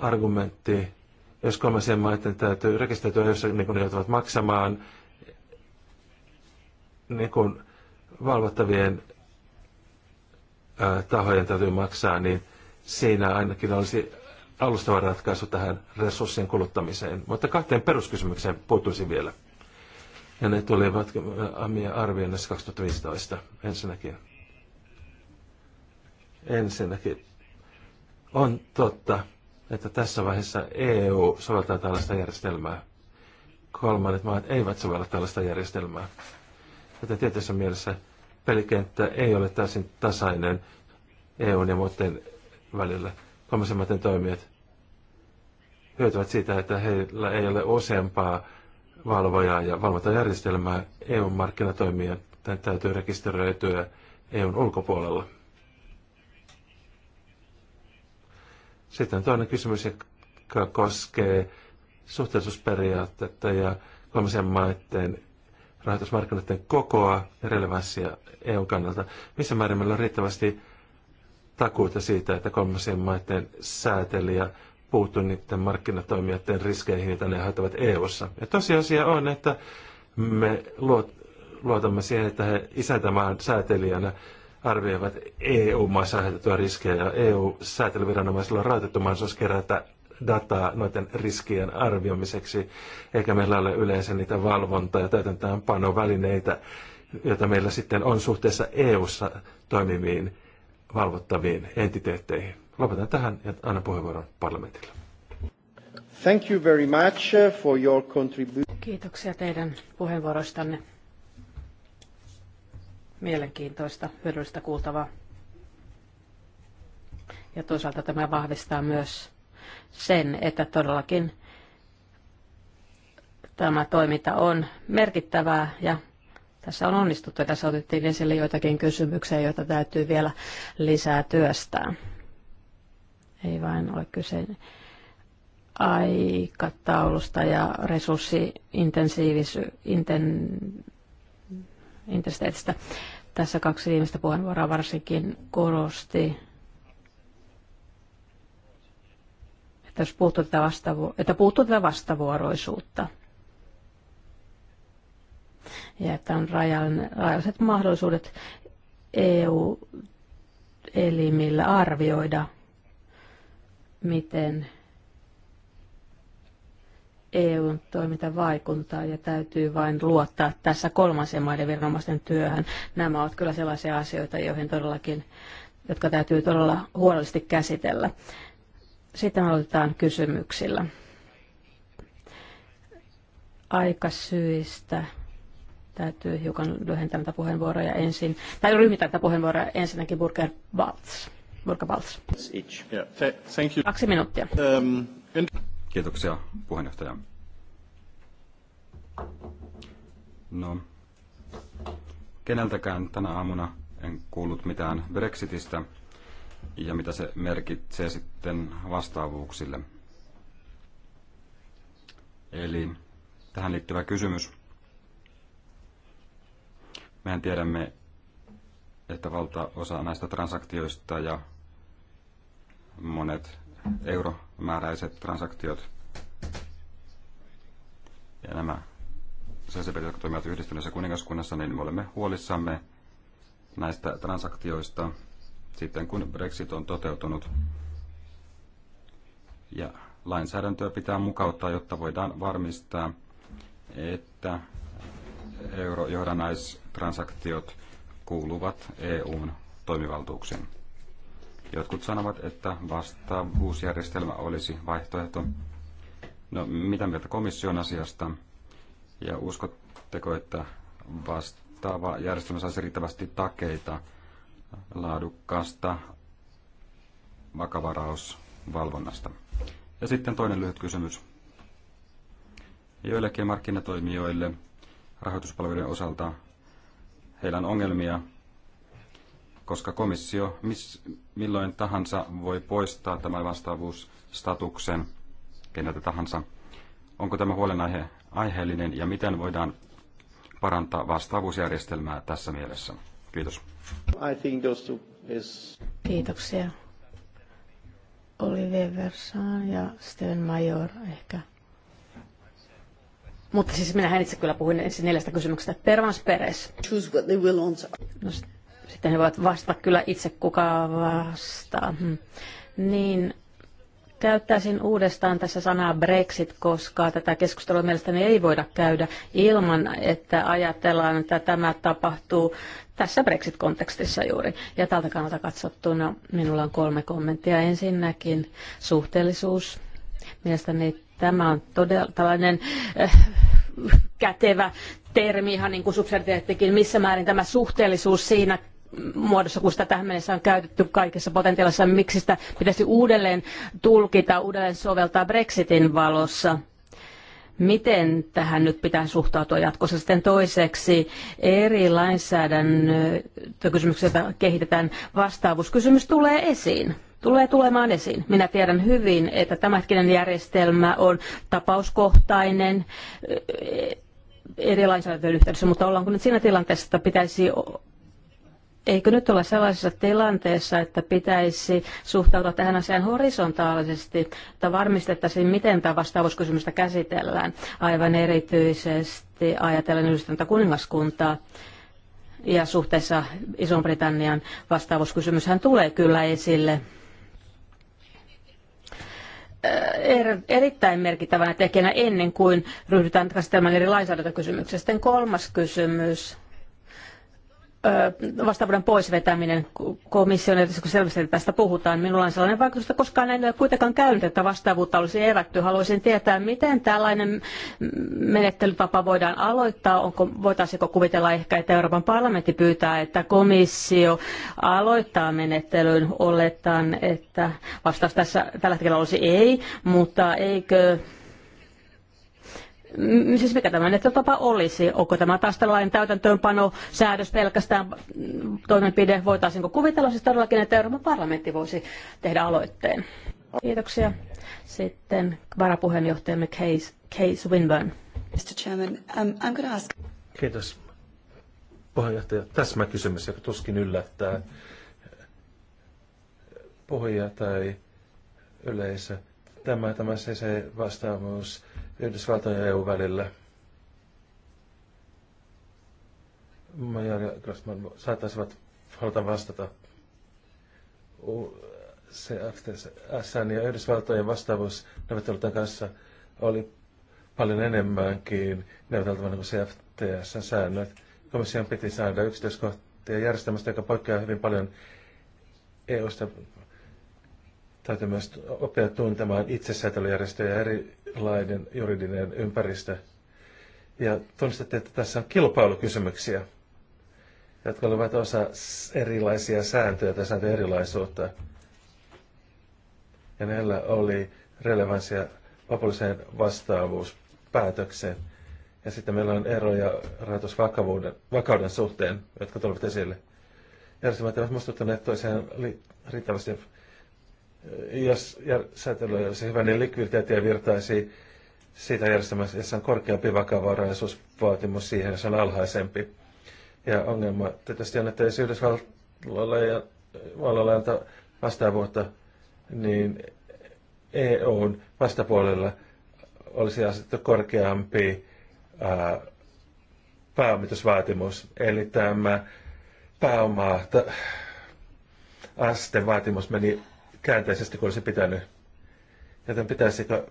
argumentti, jos kolmasen maiden täytyy rekisteröityä, jos niin ne joutuvat maksamaan niin valvottavien Äh, tahojen täytyy maksaa, niin siinä ainakin olisi alustava ratkaisu tähän resurssien kuluttamiseen. Mutta kahteen peruskysymykseen puuttuisin vielä. Ja ne tulivat Amia arvioinnissa 2015 ensinnäkin. Ensinnäkin on totta, että tässä vaiheessa EU soveltaa tällaista järjestelmää. Kolmannet maat eivät sovella tällaista järjestelmää. Joten tietyssä mielessä pelikenttä ei ole täysin tasainen EUn ja muiden välillä. Kolmasemmaten toimijat hyötyvät siitä, että heillä ei ole useampaa valvojaa ja valvontajärjestelmää. EUn tämän täytyy rekisteröityä EUn ulkopuolella. Sitten toinen kysymys, joka koskee suhteellisuusperiaatetta ja kolmasen maiden rahoitusmarkkinoiden kokoa ja relevanssia EUn kannalta. Missä määrin meillä on riittävästi takuuta siitä, että kolmansien maiden säätelijä puuttuu niiden markkinatoimijoiden riskeihin, joita ne eu EUssa. Ja tosiasia on, että me luotamme siihen, että he isäntämään säätelijänä arvioivat EU-maissa aiheutettua riskejä ja EU-säätelyviranomaisilla on rajoitettu mahdollisuus kerätä dataa noiden riskien arvioimiseksi, eikä meillä ole yleensä niitä valvonta- ja täytäntöönpanovälineitä, joita meillä sitten on suhteessa EU-ssa toimiviin valvottaviin entiteetteihin. Lopetan tähän ja annan puheenvuoron parlamentille. Thank you very much uh, for your contribution. Kiitoksia teidän puheenvuoroistanne. Mielenkiintoista, hyödyllistä kuultavaa. Ja toisaalta tämä vahvistaa myös sen, että todellakin tämä toiminta on merkittävää ja tässä on onnistuttu. Tässä otettiin esille joitakin kysymyksiä, joita täytyy vielä lisää työstää. Ei vain ole kyse aikataulusta ja resurssiintensiteetistä. Tässä kaksi viimeistä puheenvuoroa varsinkin korosti että, jos puuttuu tätä vastavu- että puuttuu tätä vastavuoroisuutta. Ja että on rajalliset mahdollisuudet EU-elimillä arvioida, miten EUn toiminta vaikuttaa ja täytyy vain luottaa tässä kolmansien maiden viranomaisten työhön. Nämä ovat kyllä sellaisia asioita, joihin todellakin, jotka täytyy todella huolellisesti käsitellä. Sitten aloitetaan kysymyksillä. Aikasyistä täytyy hiukan lyhentää näitä puheenvuoroja ensin, tai ryhmittää näitä puheenvuoroja ensinnäkin Burger Baltz. Burger you. Kaksi minuuttia. Um, Kiitoksia puheenjohtaja. No, keneltäkään tänä aamuna en kuullut mitään Brexitistä, ja mitä se merkitsee sitten vastaavuuksille. Eli tähän liittyvä kysymys. Mehän tiedämme, että valtaosa näistä transaktioista ja monet euromääräiset transaktiot ja nämä sensiperiaat, jotka toimivat yhdistyneessä kuningaskunnassa, niin me olemme huolissamme näistä transaktioista sitten kun Brexit on toteutunut. Ja lainsäädäntöä pitää mukauttaa, jotta voidaan varmistaa, että eurojohdannaistransaktiot kuuluvat EUn toimivaltuuksiin. Jotkut sanovat, että vastaavuusjärjestelmä olisi vaihtoehto. No, mitä mieltä komission asiasta? Ja uskotteko, että vastaava järjestelmä saisi riittävästi takeita laadukkaasta vakavarausvalvonnasta. Ja sitten toinen lyhyt kysymys. Joillekin markkinatoimijoille rahoituspalveluiden osalta heillä on ongelmia, koska komissio miss, milloin tahansa voi poistaa tämän vastaavuusstatuksen keneltä tahansa. Onko tämä huolenaihe aiheellinen ja miten voidaan parantaa vastaavuusjärjestelmää tässä mielessä? Kiitos. I think those two is... Kiitoksia. Olivier Versan ja Steven Major ehkä. Mutta siis minä itse kyllä puhuin ensin neljästä kysymyksestä. Pervans Peres. Choose what they will answer. No, sitten he voivat vastata kyllä itse kuka vastaa. Hmm. Niin, Käyttäisin uudestaan tässä sanaa Brexit, koska tätä keskustelua mielestäni ei voida käydä ilman, että ajatellaan, että tämä tapahtuu tässä Brexit-kontekstissa juuri. Ja tältä kannalta katsottuna minulla on kolme kommenttia. Ensinnäkin suhteellisuus. Mielestäni tämä on todella tällainen äh, kätevä termi, ihan niin kuin missä määrin tämä suhteellisuus siinä muodossa, kun sitä tähän mennessä on käytetty kaikessa potentiaalissa. Miksi sitä pitäisi uudelleen tulkita, uudelleen soveltaa Brexitin valossa? Miten tähän nyt pitää suhtautua jatkossa sitten toiseksi? Eri lainsäädäntökysymyksiä kehitetään vastaavuuskysymys tulee esiin tulee tulemaan esiin. Minä tiedän hyvin, että tämänhetkinen järjestelmä on tapauskohtainen eh, eri lainsäädäntöjen yhteydessä, mutta ollaanko nyt siinä tilanteessa, että pitäisi Eikö nyt olla sellaisessa tilanteessa, että pitäisi suhtautua tähän asiaan horisontaalisesti, että varmistettaisiin, miten tämä vastaavuuskysymystä käsitellään, aivan erityisesti ajatellen yhdistyntä kuningaskuntaa? Ja suhteessa iso britannian vastaavuuskysymyshän tulee kyllä esille er, erittäin merkittävänä tekijänä ennen kuin ryhdytään käsittelemään eri lainsäädäntökysymyksiä. Sitten kolmas kysymys vastaavuuden pois vetäminen komission edessä, kun selvästi tästä puhutaan. Minulla on sellainen vaikutus, että koskaan ei ole kuitenkaan käynyt, että vastaavuutta olisi evätty. Haluaisin tietää, miten tällainen menettelytapa voidaan aloittaa. Onko, voitaisiinko kuvitella ehkä, että Euroopan parlamentti pyytää, että komissio aloittaa menettelyn. Oletan, että vastaus tässä tällä hetkellä olisi ei, mutta eikö siis mikä tämä menettelytapa tapa olisi? Onko tämä taistelain täytäntöönpano, säädös pelkästään toimenpide? Voitaisiinko kuvitella siis todellakin, että Euroopan parlamentti voisi tehdä aloitteen? Kiitoksia. Sitten varapuheenjohtajamme Case, Case Winburn. Mr. Chairman, um, I'm going to ask... Kiitos. Puheenjohtaja, täsmä kysymys, joka tuskin yllättää. Pohja tai yleisö. Tämä, tämä se, se vastaavuus Yhdysvaltojen ja EU välillä. Major ja Grossman saattaisivat haluta vastata CFTSn ja Yhdysvaltojen vastaavuus neuvottelutan kanssa oli paljon enemmänkin neuvoteltavana kuin cfts säännöt. Komission piti saada yksityiskohtia järjestelmästä, joka poikkeaa hyvin paljon EUsta Täytyy myös oppia tuntemaan itsesäätelyjärjestöjä ja erilainen juridinen ympäristö. Ja tunnistatte, että tässä on kilpailukysymyksiä, jotka olivat osa erilaisia sääntöjä tai sääntöjen erilaisuutta. Ja näillä oli relevanssia lopulliseen vastaavuuspäätökseen. Ja sitten meillä on eroja rahoitusvakauden vakauden suhteen, jotka tulevat esille. Järjestelmät eivät muistuttaneet toiseen riittävästi jos säätely olisi hyvä, niin likviditeettiä virtaisi siitä järjestelmästä, jossa on korkeampi vakavaraisuusvaatimus siihen, jos on alhaisempi. Ja ongelma tietysti on, että jos Yhdysvalloilla ja vallalla vastaavuutta, niin EUn vastapuolella olisi asetettu korkeampi ää, pääomitusvaatimus, eli tämä pääoma aste vaatimus meni käänteisesti kuin olisi pitänyt. Joten pitäisikö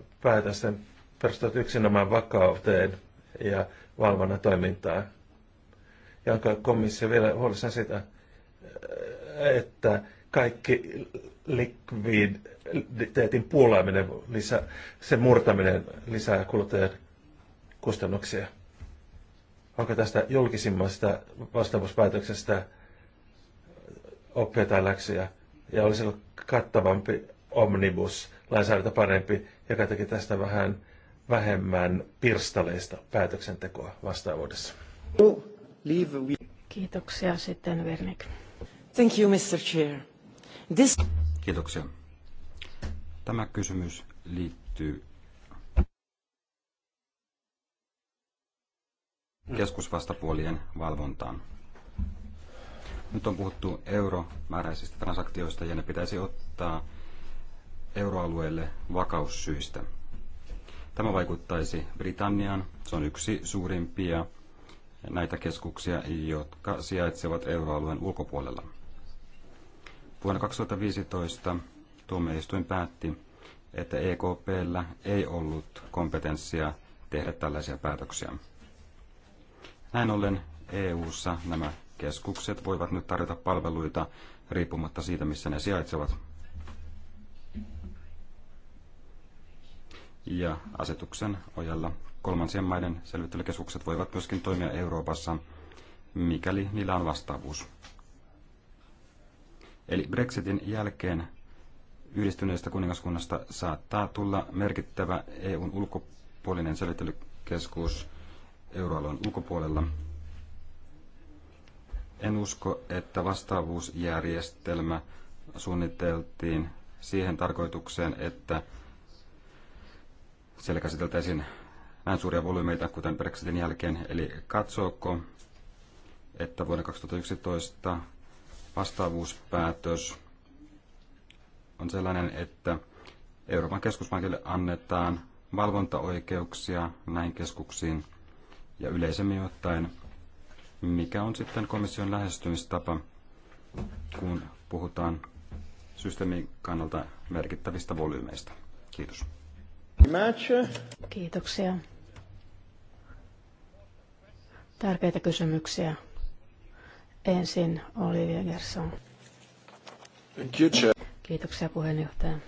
sen perustua yksinomaan vakauteen ja valvonnan toimintaan? Ja onko komissio vielä huolissaan sitä, että kaikki likviditeetin puolaaminen, lisä, sen murtaminen lisää kuluttajan kustannuksia? Onko tästä julkisimmasta vastaavuuspäätöksestä oppia tai läksiä? ja olisi ollut kattavampi omnibus, lainsäädäntö parempi, joka teki tästä vähän vähemmän pirstaleista päätöksentekoa vastaavuudessa. Kiitoksia sitten Vernik. Thank you, Mr. Chair. This... Kiitoksia. Tämä kysymys liittyy keskusvastapuolien valvontaan. Nyt on puhuttu euromääräisistä transaktioista ja ne pitäisi ottaa euroalueelle vakaussyistä. Tämä vaikuttaisi Britanniaan. Se on yksi suurimpia näitä keskuksia, jotka sijaitsevat euroalueen ulkopuolella. Vuonna 2015 tuomioistuin päätti, että EKPllä ei ollut kompetenssia tehdä tällaisia päätöksiä. Näin ollen EU:ssa nämä keskukset voivat nyt tarjota palveluita riippumatta siitä, missä ne sijaitsevat. Ja asetuksen ojalla kolmansien maiden selvittelykeskukset voivat myöskin toimia Euroopassa, mikäli niillä on vastaavuus. Eli Brexitin jälkeen yhdistyneestä kuningaskunnasta saattaa tulla merkittävä EUn ulkopuolinen selvittelykeskus euroalueen ulkopuolella – en usko, että vastaavuusjärjestelmä suunniteltiin siihen tarkoitukseen, että siellä käsiteltäisiin näin suuria volyymeita, kuten Brexitin jälkeen. Eli katsooko, että vuoden 2011 vastaavuuspäätös on sellainen, että Euroopan keskuspankille annetaan valvontaoikeuksia näihin keskuksiin ja yleisemmin ottaen – mikä on sitten komission lähestymistapa, kun puhutaan systeemin kannalta merkittävistä volyymeista. Kiitos. Kiitoksia. Tärkeitä kysymyksiä. Ensin Olivia Gerson. Kiitoksia puheenjohtaja.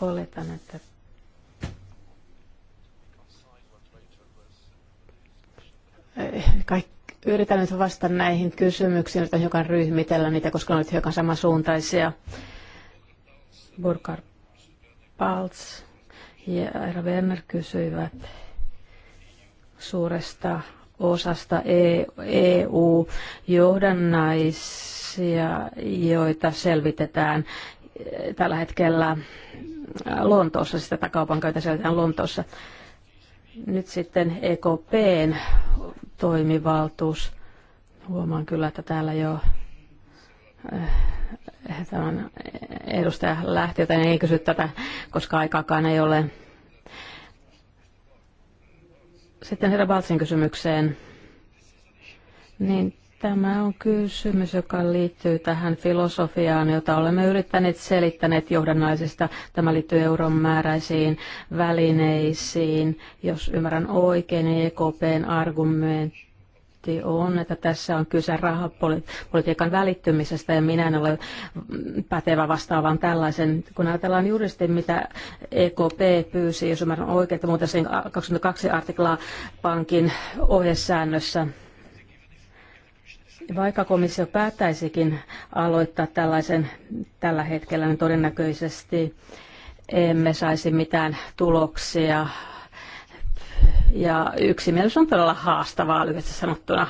Oletan, että eh, kaikki Yritän nyt vastata näihin kysymyksiin, joita hiukan ryhmitellä niitä, koska ne ovat hiukan samansuuntaisia. Burkhard Paltz ja Aira Werner kysyivät suuresta osasta EU-johdannaisia, joita selvitetään tällä hetkellä Lontoossa, sitä siis tätä käytä selvitetään Lontoossa. Nyt sitten EKPn toimivaltuus. Huomaan kyllä, että täällä jo eh, tämän edustaja lähti, joten ei kysy tätä, koska aikaakaan ei ole. Sitten herra Baltsin kysymykseen. Niin Tämä on kysymys, joka liittyy tähän filosofiaan, jota olemme yrittäneet selittäneet johdannaisista. Tämä liittyy euron määräisiin välineisiin. Jos ymmärrän oikein, niin EKPn argumentti on, että tässä on kyse rahapolitiikan välittymisestä ja minä en ole pätevä vastaavan tällaisen. Kun ajatellaan juristi, mitä EKP pyysi, jos ymmärrän oikein, että muuten 22 artiklaa pankin ohjesäännössä vaikka komissio päättäisikin aloittaa tällaisen tällä hetkellä, niin todennäköisesti emme saisi mitään tuloksia. Ja yksimielisyys on todella haastavaa lyhyesti sanottuna,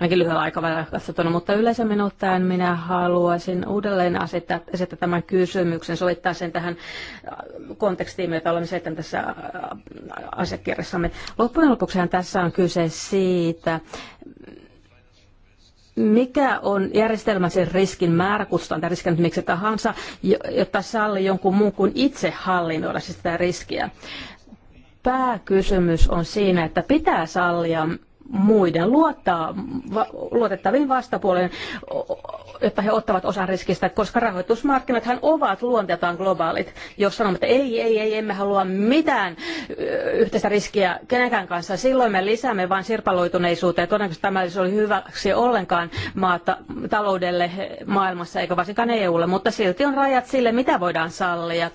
ainakin lyhyellä aikavälillä katsottuna, mutta yleisemmin ottaen minä haluaisin uudelleen asettaa, asettaa tämän kysymyksen, sovittaa sen tähän kontekstiin, jota olemme sitten tässä asiakirjassamme. Loppujen lopuksihan tässä on kyse siitä, mikä on sen riskin määrä, kutsutaan tämä riskin miksi tahansa, jotta salli jonkun muun kuin itse hallinnoida sitä siis riskiä. Pääkysymys on siinä, että pitää sallia muiden luottaa, luotettaviin vastapuoleen, että he ottavat osan riskistä, koska rahoitusmarkkinathan ovat luonteeltaan globaalit. Jos sanomme, että ei, ei, ei, emme halua mitään yhteistä riskiä kenenkään kanssa, silloin me lisäämme vain sirpaloituneisuutta ja todennäköisesti tämä oli hyväksi ollenkaan maata, taloudelle maailmassa eikä varsinkaan EUlle, mutta silti on rajat sille, mitä voidaan sallia.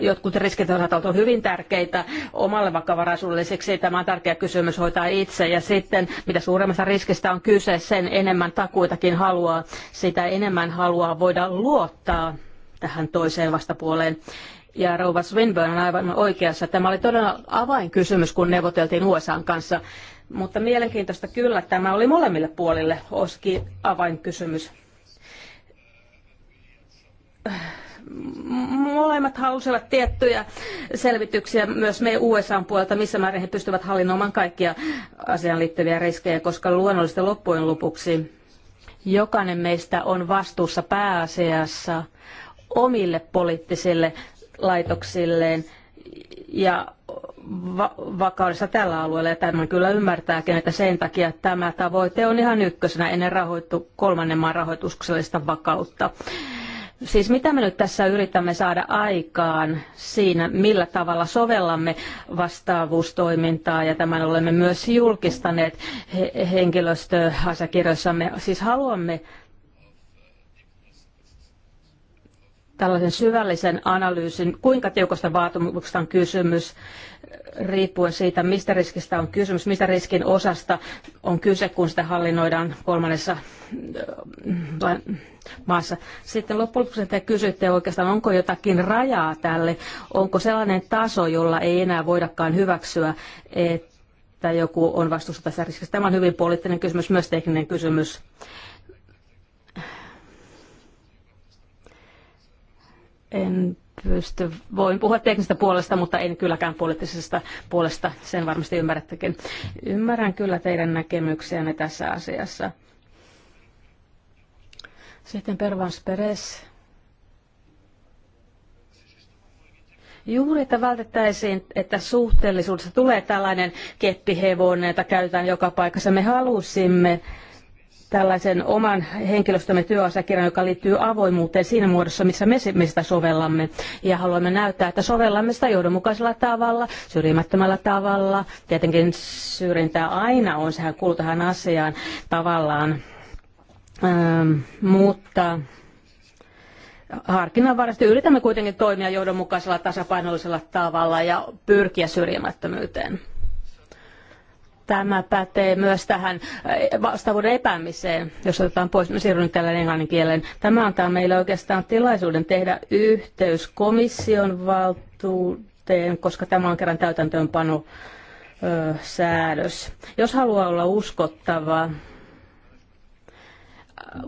Jotkut riskit ovat hyvin tärkeitä omalle vakavaraisuudelle, siksi tämä on tärkeä kysymys hoitaa itse ja sitten mitä suuremmasta riskistä on kyse, sen enemmän takuitakin haluaa, sitä enemmän haluaa voida luottaa tähän toiseen vastapuoleen. Ja rouva Swinburne on aivan oikeassa. Tämä oli todella avainkysymys, kun neuvoteltiin USAn kanssa. Mutta mielenkiintoista kyllä, tämä oli molemmille puolille oski avainkysymys molemmat halusivat tiettyjä selvityksiä myös me USAn puolelta, missä määrin he pystyvät hallinnoimaan kaikkia asiaan liittyviä riskejä, koska luonnollisesti loppujen lopuksi jokainen meistä on vastuussa pääasiassa omille poliittisille laitoksilleen ja va- vakaudessa tällä alueella, ja tämän kyllä ymmärtääkin, että sen takia tämä tavoite on ihan ykkösenä ennen rahoittu, kolmannen maan rahoituksellista vakautta. Siis mitä me nyt tässä yritämme saada aikaan siinä, millä tavalla sovellamme vastaavuustoimintaa ja tämän olemme myös julkistaneet henkilöstöasiakirjoissamme. Siis haluamme tällaisen syvällisen analyysin, kuinka tiukasta vaatimuksesta on kysymys, riippuen siitä, mistä riskistä on kysymys, mistä riskin osasta on kyse, kun sitä hallinnoidaan kolmannessa äh, maassa. Sitten loppujen lopuksi te kysytte oikeastaan, onko jotakin rajaa tälle, onko sellainen taso, jolla ei enää voidakaan hyväksyä, että joku on vastuussa tästä riskistä. Tämä on hyvin poliittinen kysymys, myös tekninen kysymys. En pysty, voin puhua teknisestä puolesta, mutta en kylläkään poliittisesta puolesta, sen varmasti ymmärrättekin. Ymmärrän kyllä teidän näkemyksiänne tässä asiassa. Sitten Pervans Peres. Juuri, että vältettäisiin, että suhteellisuudessa tulee tällainen keppihevonen, jota käytetään joka paikassa. Me halusimme tällaisen oman henkilöstömme työasiakirjan, joka liittyy avoimuuteen siinä muodossa, missä me, me sitä sovellamme. Ja haluamme näyttää, että sovellamme sitä johdonmukaisella tavalla, syrjimättömällä tavalla. Tietenkin syrjintää aina on, sehän kuuluu tähän asiaan tavallaan. Ähm, mutta harkinnanvaraisesti yritämme kuitenkin toimia johdonmukaisella tasapainoisella tavalla ja pyrkiä syrjimättömyyteen. Tämä pätee myös tähän eh, vastaavuuden epäämiseen, jos otetaan pois. Mä siirryn tällä englannin kielen. Tämä antaa meille oikeastaan tilaisuuden tehdä yhteys komission valtuuteen, koska tämä on kerran täytäntöönpano säädös. Jos haluaa olla uskottava,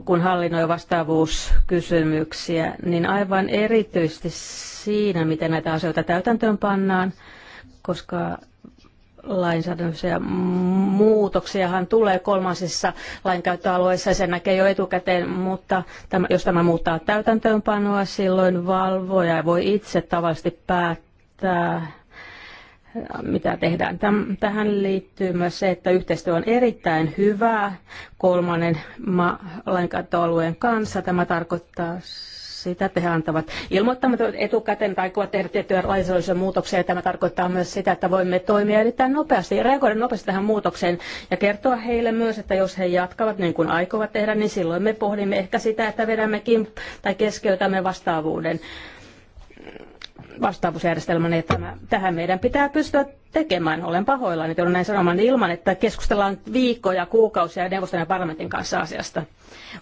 kun hallinnoi vastaavuuskysymyksiä, niin aivan erityisesti siinä, miten näitä asioita täytäntöön pannaan, koska lainsäädännössä ja muutoksiahan tulee kolmansissa lainkäyttöalueissa ja sen näkee jo etukäteen, mutta tämä, jos tämä muuttaa täytäntöönpanoa, silloin valvoja voi itse tavallisesti päättää, mitä tehdään. tähän liittyy myös se, että yhteistyö on erittäin hyvää kolmannen ma- lainkäyttöalueen kanssa. Tämä tarkoittaa sitä he antavat. Ilmoittamaton etukäteen taikovat tehdä tiettyjä lainsäädännöllisiä muutoksia. tämä tarkoittaa myös sitä, että voimme toimia erittäin nopeasti ja reagoida nopeasti tähän muutokseen ja kertoa heille myös, että jos he jatkavat niin kuin aikovat tehdä, niin silloin me pohdimme ehkä sitä, että vedämme tai keskeytämme vastaavuuden vastaavuusjärjestelmän, että tämä, tähän meidän pitää pystyä tekemään. Olen pahoillani, on näin sanomaan ilman, että keskustellaan viikkoja, kuukausia neuvoston ja parlamentin kanssa asiasta.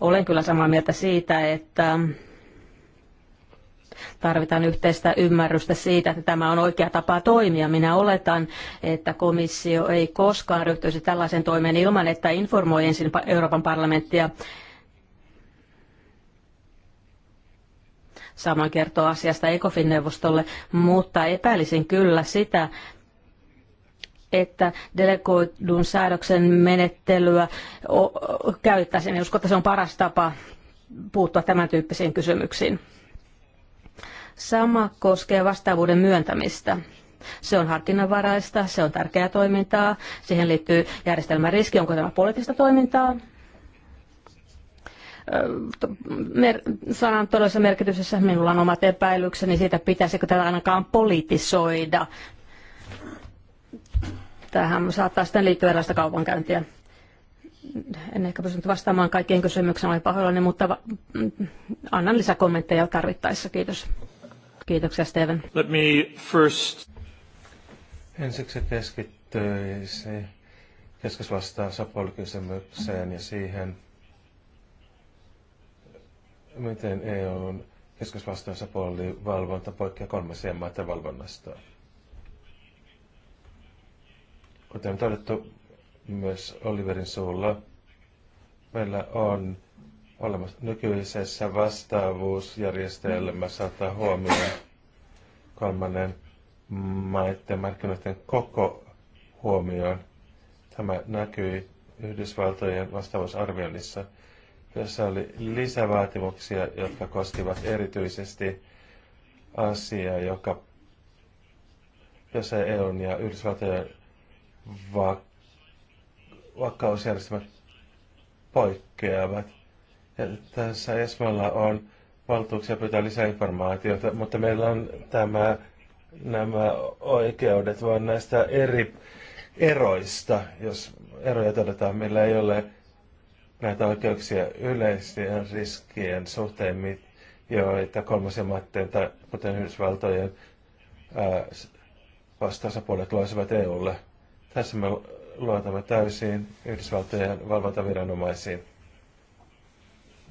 Olen kyllä samaa mieltä siitä, että Tarvitaan yhteistä ymmärrystä siitä, että tämä on oikea tapa toimia. Minä oletan, että komissio ei koskaan ryhtyisi tällaisen toimeen ilman, että informoi ensin Euroopan parlamenttia samoin kertoo asiasta ECOFIN-neuvostolle, mutta epäilisin kyllä sitä, että delegoidun säädöksen menettelyä käyttäisiin. En usko, että se on paras tapa puuttua tämän tyyppisiin kysymyksiin. Sama koskee vastaavuuden myöntämistä. Se on harkinnanvaraista, se on tärkeää toimintaa, siihen liittyy järjestelmän riski, onko tämä poliittista toimintaa, sanan todellisessa merkityksessä minulla on omat epäilykseni siitä, pitäisikö tätä ainakaan politisoida. Tähän saattaa sitten liittyä erilaista kaupankäyntiä. En ehkä pystynyt vastaamaan kaikkien kysymyksiin, olen pahoillani, mutta annan lisäkommentteja tarvittaessa. Kiitos. Kiitoksia, Steven. Let me first... Ensiksi keskittyisi keskus vastaan Sapol-kysymykseen ja siihen, miten EUn vastaan Sapolin valvonta poikkeaa kolmasien maiden valvonnasta. Kuten todettu myös Oliverin suulla, meillä on olemassa. Nykyisessä vastaavuusjärjestelmässä ottaa huomioon kolmannen maiden markkinoiden koko huomioon. Tämä näkyi Yhdysvaltojen vastaavuusarvioinnissa, jossa oli lisävaatimuksia, jotka koskivat erityisesti asiaa, joka, jossa EUn ja Yhdysvaltojen vakausjärjestelmät poikkeavat ja tässä Esmalla on valtuuksia pyytää lisää informaatiota, mutta meillä on tämä, nämä oikeudet vaan näistä eri eroista, jos eroja todetaan, meillä ei ole näitä oikeuksia yleisien riskien suhteen, joita kolmasen maiden tai kuten Yhdysvaltojen vastaosapuolet loisivat EUlle. Tässä me luotamme täysin Yhdysvaltojen valvontaviranomaisiin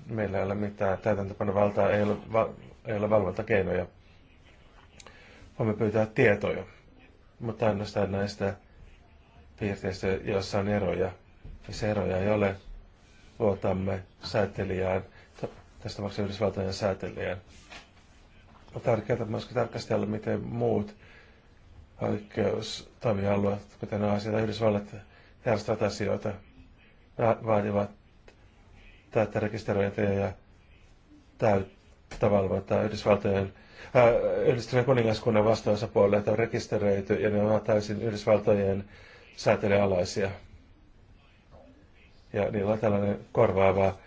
meillä ei ole mitään täytäntöpanovaltaa, ei ole, va, ei ole valvontakeinoja. Voimme pyytää tietoja, mutta ainoastaan näistä piirteistä, joissa on eroja. missä eroja ei ole, luotamme säätelijään, tästä maksaa Yhdysvaltojen säätelijään. On tärkeää myös tarkastella, miten muut oikeustoimialueet, kuten Aasia tai Yhdysvallat, järjestävät asioita, vaativat että rekisteröintiä ja täyttä valvontaa Yhdysvaltojen äh, Yhdistyneen kuningaskunnan että on rekisteröity ja ne ovat täysin Yhdysvaltojen säätelyn alaisia. Ja niillä on tällainen korvaava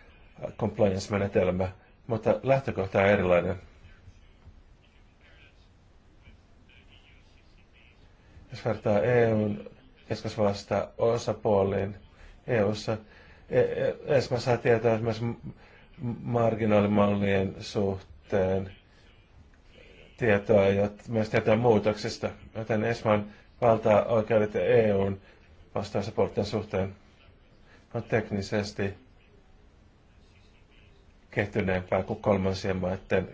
compliance-menetelmä, mutta lähtökohta on erilainen. Jos vertaa EUn keskusvasta osapuoliin EUssa, E, e, ESMA saa tietää esimerkiksi marginaalimallien suhteen tietoa ja myös tietoa muutoksista, joten ESMAn valtaoikeudet ja EUn vastausraporttien suhteen on teknisesti kehittyneempää kuin kolmansien maiden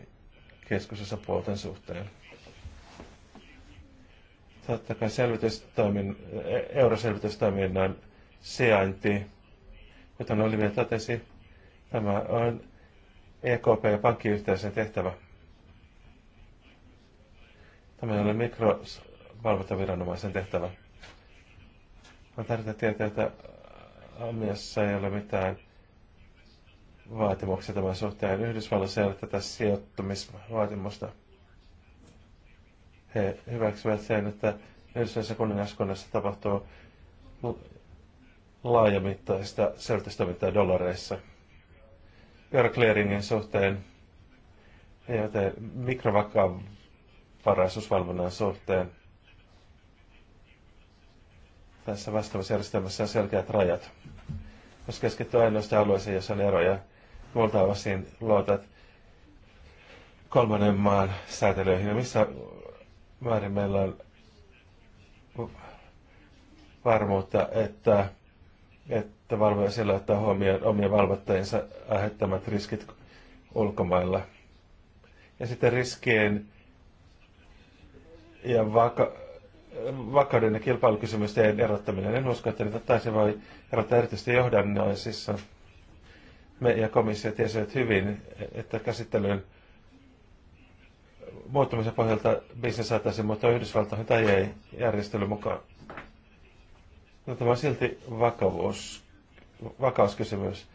keskusosapuolten suhteen. Totta kai selvitystoimin, e-, euroselvitystoiminnan sijainti Kuten Olivia totesi, tämä on EKP ja pankkiyhteisön tehtävä. Tämä ei ole mikrovalvontaviranomaisen tehtävä. On tärkeää tietää, että Amiassa ei ole mitään vaatimuksia tämän suhteen. Yhdysvalloissa ei ole tätä sijoittumisvaatimusta. He hyväksyvät sen, että Yhdysvalloissa kuningaskunnassa tapahtuu laajamittaista selvitystoimintaa dollareissa. Veroclearingin suhteen, joten mikrovakavaraisuusvalvonnan suhteen. Tässä vastaavassa järjestelmässä on selkeät rajat. Jos keskittyy ainoastaan alueeseen, jossa on eroja, muilta osin luotat kolmannen maan säätelyihin. Ja no missä määrin meillä on varmuutta, että että valvoja siellä ottaa huomioon omien valvottajansa aiheuttamat riskit ulkomailla. Ja sitten riskien ja vaka- vakauden ja kilpailukysymysten erottaminen. En usko, että niitä taisi voi erottaa erityisesti johdannoisissa. Me ja komissio tiesivät hyvin, että käsittelyn muuttumisen pohjalta bisnes saataisiin muuttaa Yhdysvaltoihin tai ei järjestely mukaan No tämä on silti vakavuus, vakauskysymys.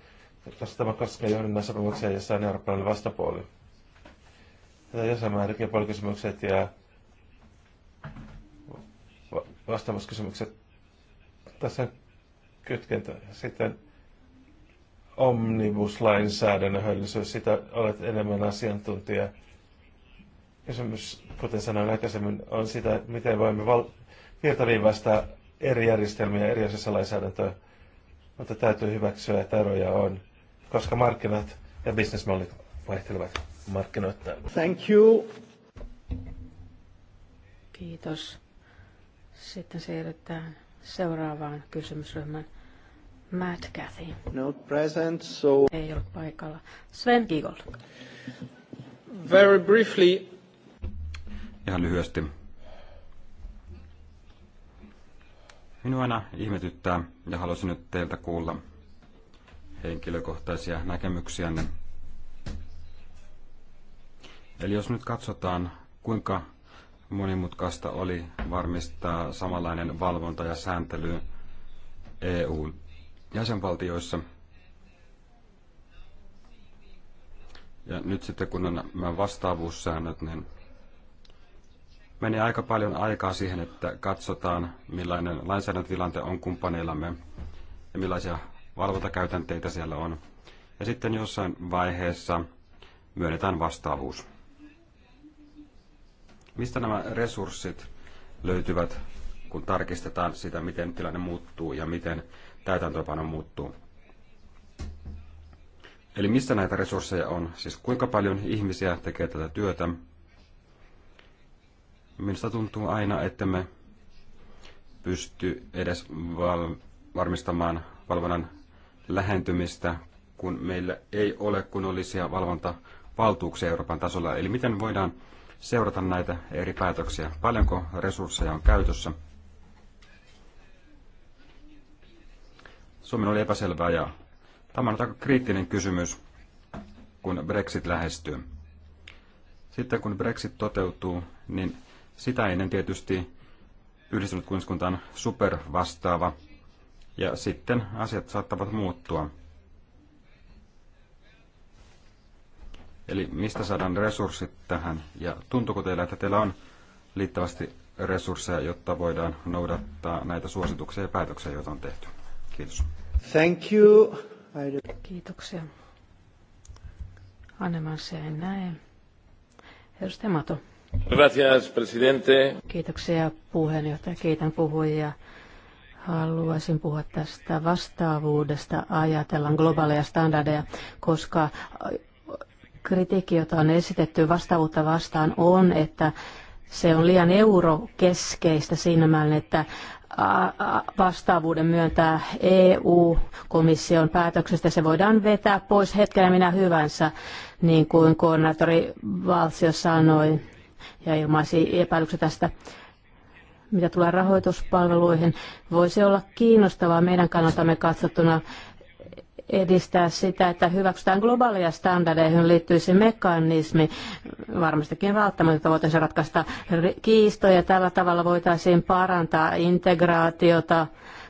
Tässä tämä koskee johdannan sopimuksia, jossa on eurooppalainen vastapuoli. Tätä jossain määrin kilpailukysymykset ja vastaavuuskysymykset. Tässä on kytkentä. Sitten omnibuslainsäädännön höllisyys, sitä olet enemmän asiantuntija. Kysymys, kuten sanoin aikaisemmin, on sitä, miten voimme val- virtaviivaista eri järjestelmiä, eri osissa lainsäädäntöä, mutta täytyy hyväksyä, että eroja on, koska markkinat ja bisnesmallit vaihtelevat markkinoittain. Thank you. Kiitos. Sitten siirrytään seuraavaan kysymysryhmään. Matt Cathy. Not present, so... Ei ollut paikalla. Sven Giegold. Very briefly. Ihan lyhyesti. Minua aina ihmetyttää ja haluaisin nyt teiltä kuulla henkilökohtaisia näkemyksiänne. Eli jos nyt katsotaan, kuinka monimutkaista oli varmistaa samanlainen valvonta ja sääntely EU-jäsenvaltioissa. Ja nyt sitten kun on nämä vastaavuussäännöt, niin menee aika paljon aikaa siihen, että katsotaan, millainen lainsäädäntötilante on kumppaneillamme ja millaisia valvontakäytänteitä siellä on. Ja sitten jossain vaiheessa myönnetään vastaavuus. Mistä nämä resurssit löytyvät, kun tarkistetaan sitä, miten tilanne muuttuu ja miten täytäntöpano muuttuu? Eli mistä näitä resursseja on? Siis kuinka paljon ihmisiä tekee tätä työtä? Minusta tuntuu aina, että me pysty edes val- varmistamaan valvonnan lähentymistä, kun meillä ei ole kunnollisia valvontavaltuuksia Euroopan tasolla. Eli miten voidaan seurata näitä eri päätöksiä? Paljonko resursseja on käytössä? Suomen oli epäselvää ja tämä on aika kriittinen kysymys, kun Brexit lähestyy. Sitten kun Brexit toteutuu, niin sitä ennen tietysti yhdistynyt kuningaskunta on supervastaava ja sitten asiat saattavat muuttua. Eli mistä saadaan resurssit tähän ja tuntuuko teillä, että teillä on liittävästi resursseja, jotta voidaan noudattaa näitä suosituksia ja päätöksiä, joita on tehty? Kiitos. Thank you. Kiitoksia. Annemansia en näe. Edustaja Mato. Gracias, presidente. Kiitoksia puheenjohtaja. Kiitän puhujia. Haluaisin puhua tästä vastaavuudesta. Ajatellaan globaaleja standardeja, koska kritiikki, jota on esitetty vastaavuutta vastaan, on, että se on liian eurokeskeistä siinä määrin, että vastaavuuden myöntää EU-komission päätöksestä. Se voidaan vetää pois hetkenä minä hyvänsä, niin kuin koordinaattori Valsio sanoi ja ilmaisi epäilyksiä tästä mitä tulee rahoituspalveluihin, voisi olla kiinnostavaa meidän kannaltamme katsottuna edistää sitä, että hyväksytään globaaleja standardeja, joihin se mekanismi, varmastikin välttämättä voitaisiin ratkaista kiistoja. Tällä tavalla voitaisiin parantaa integraatiota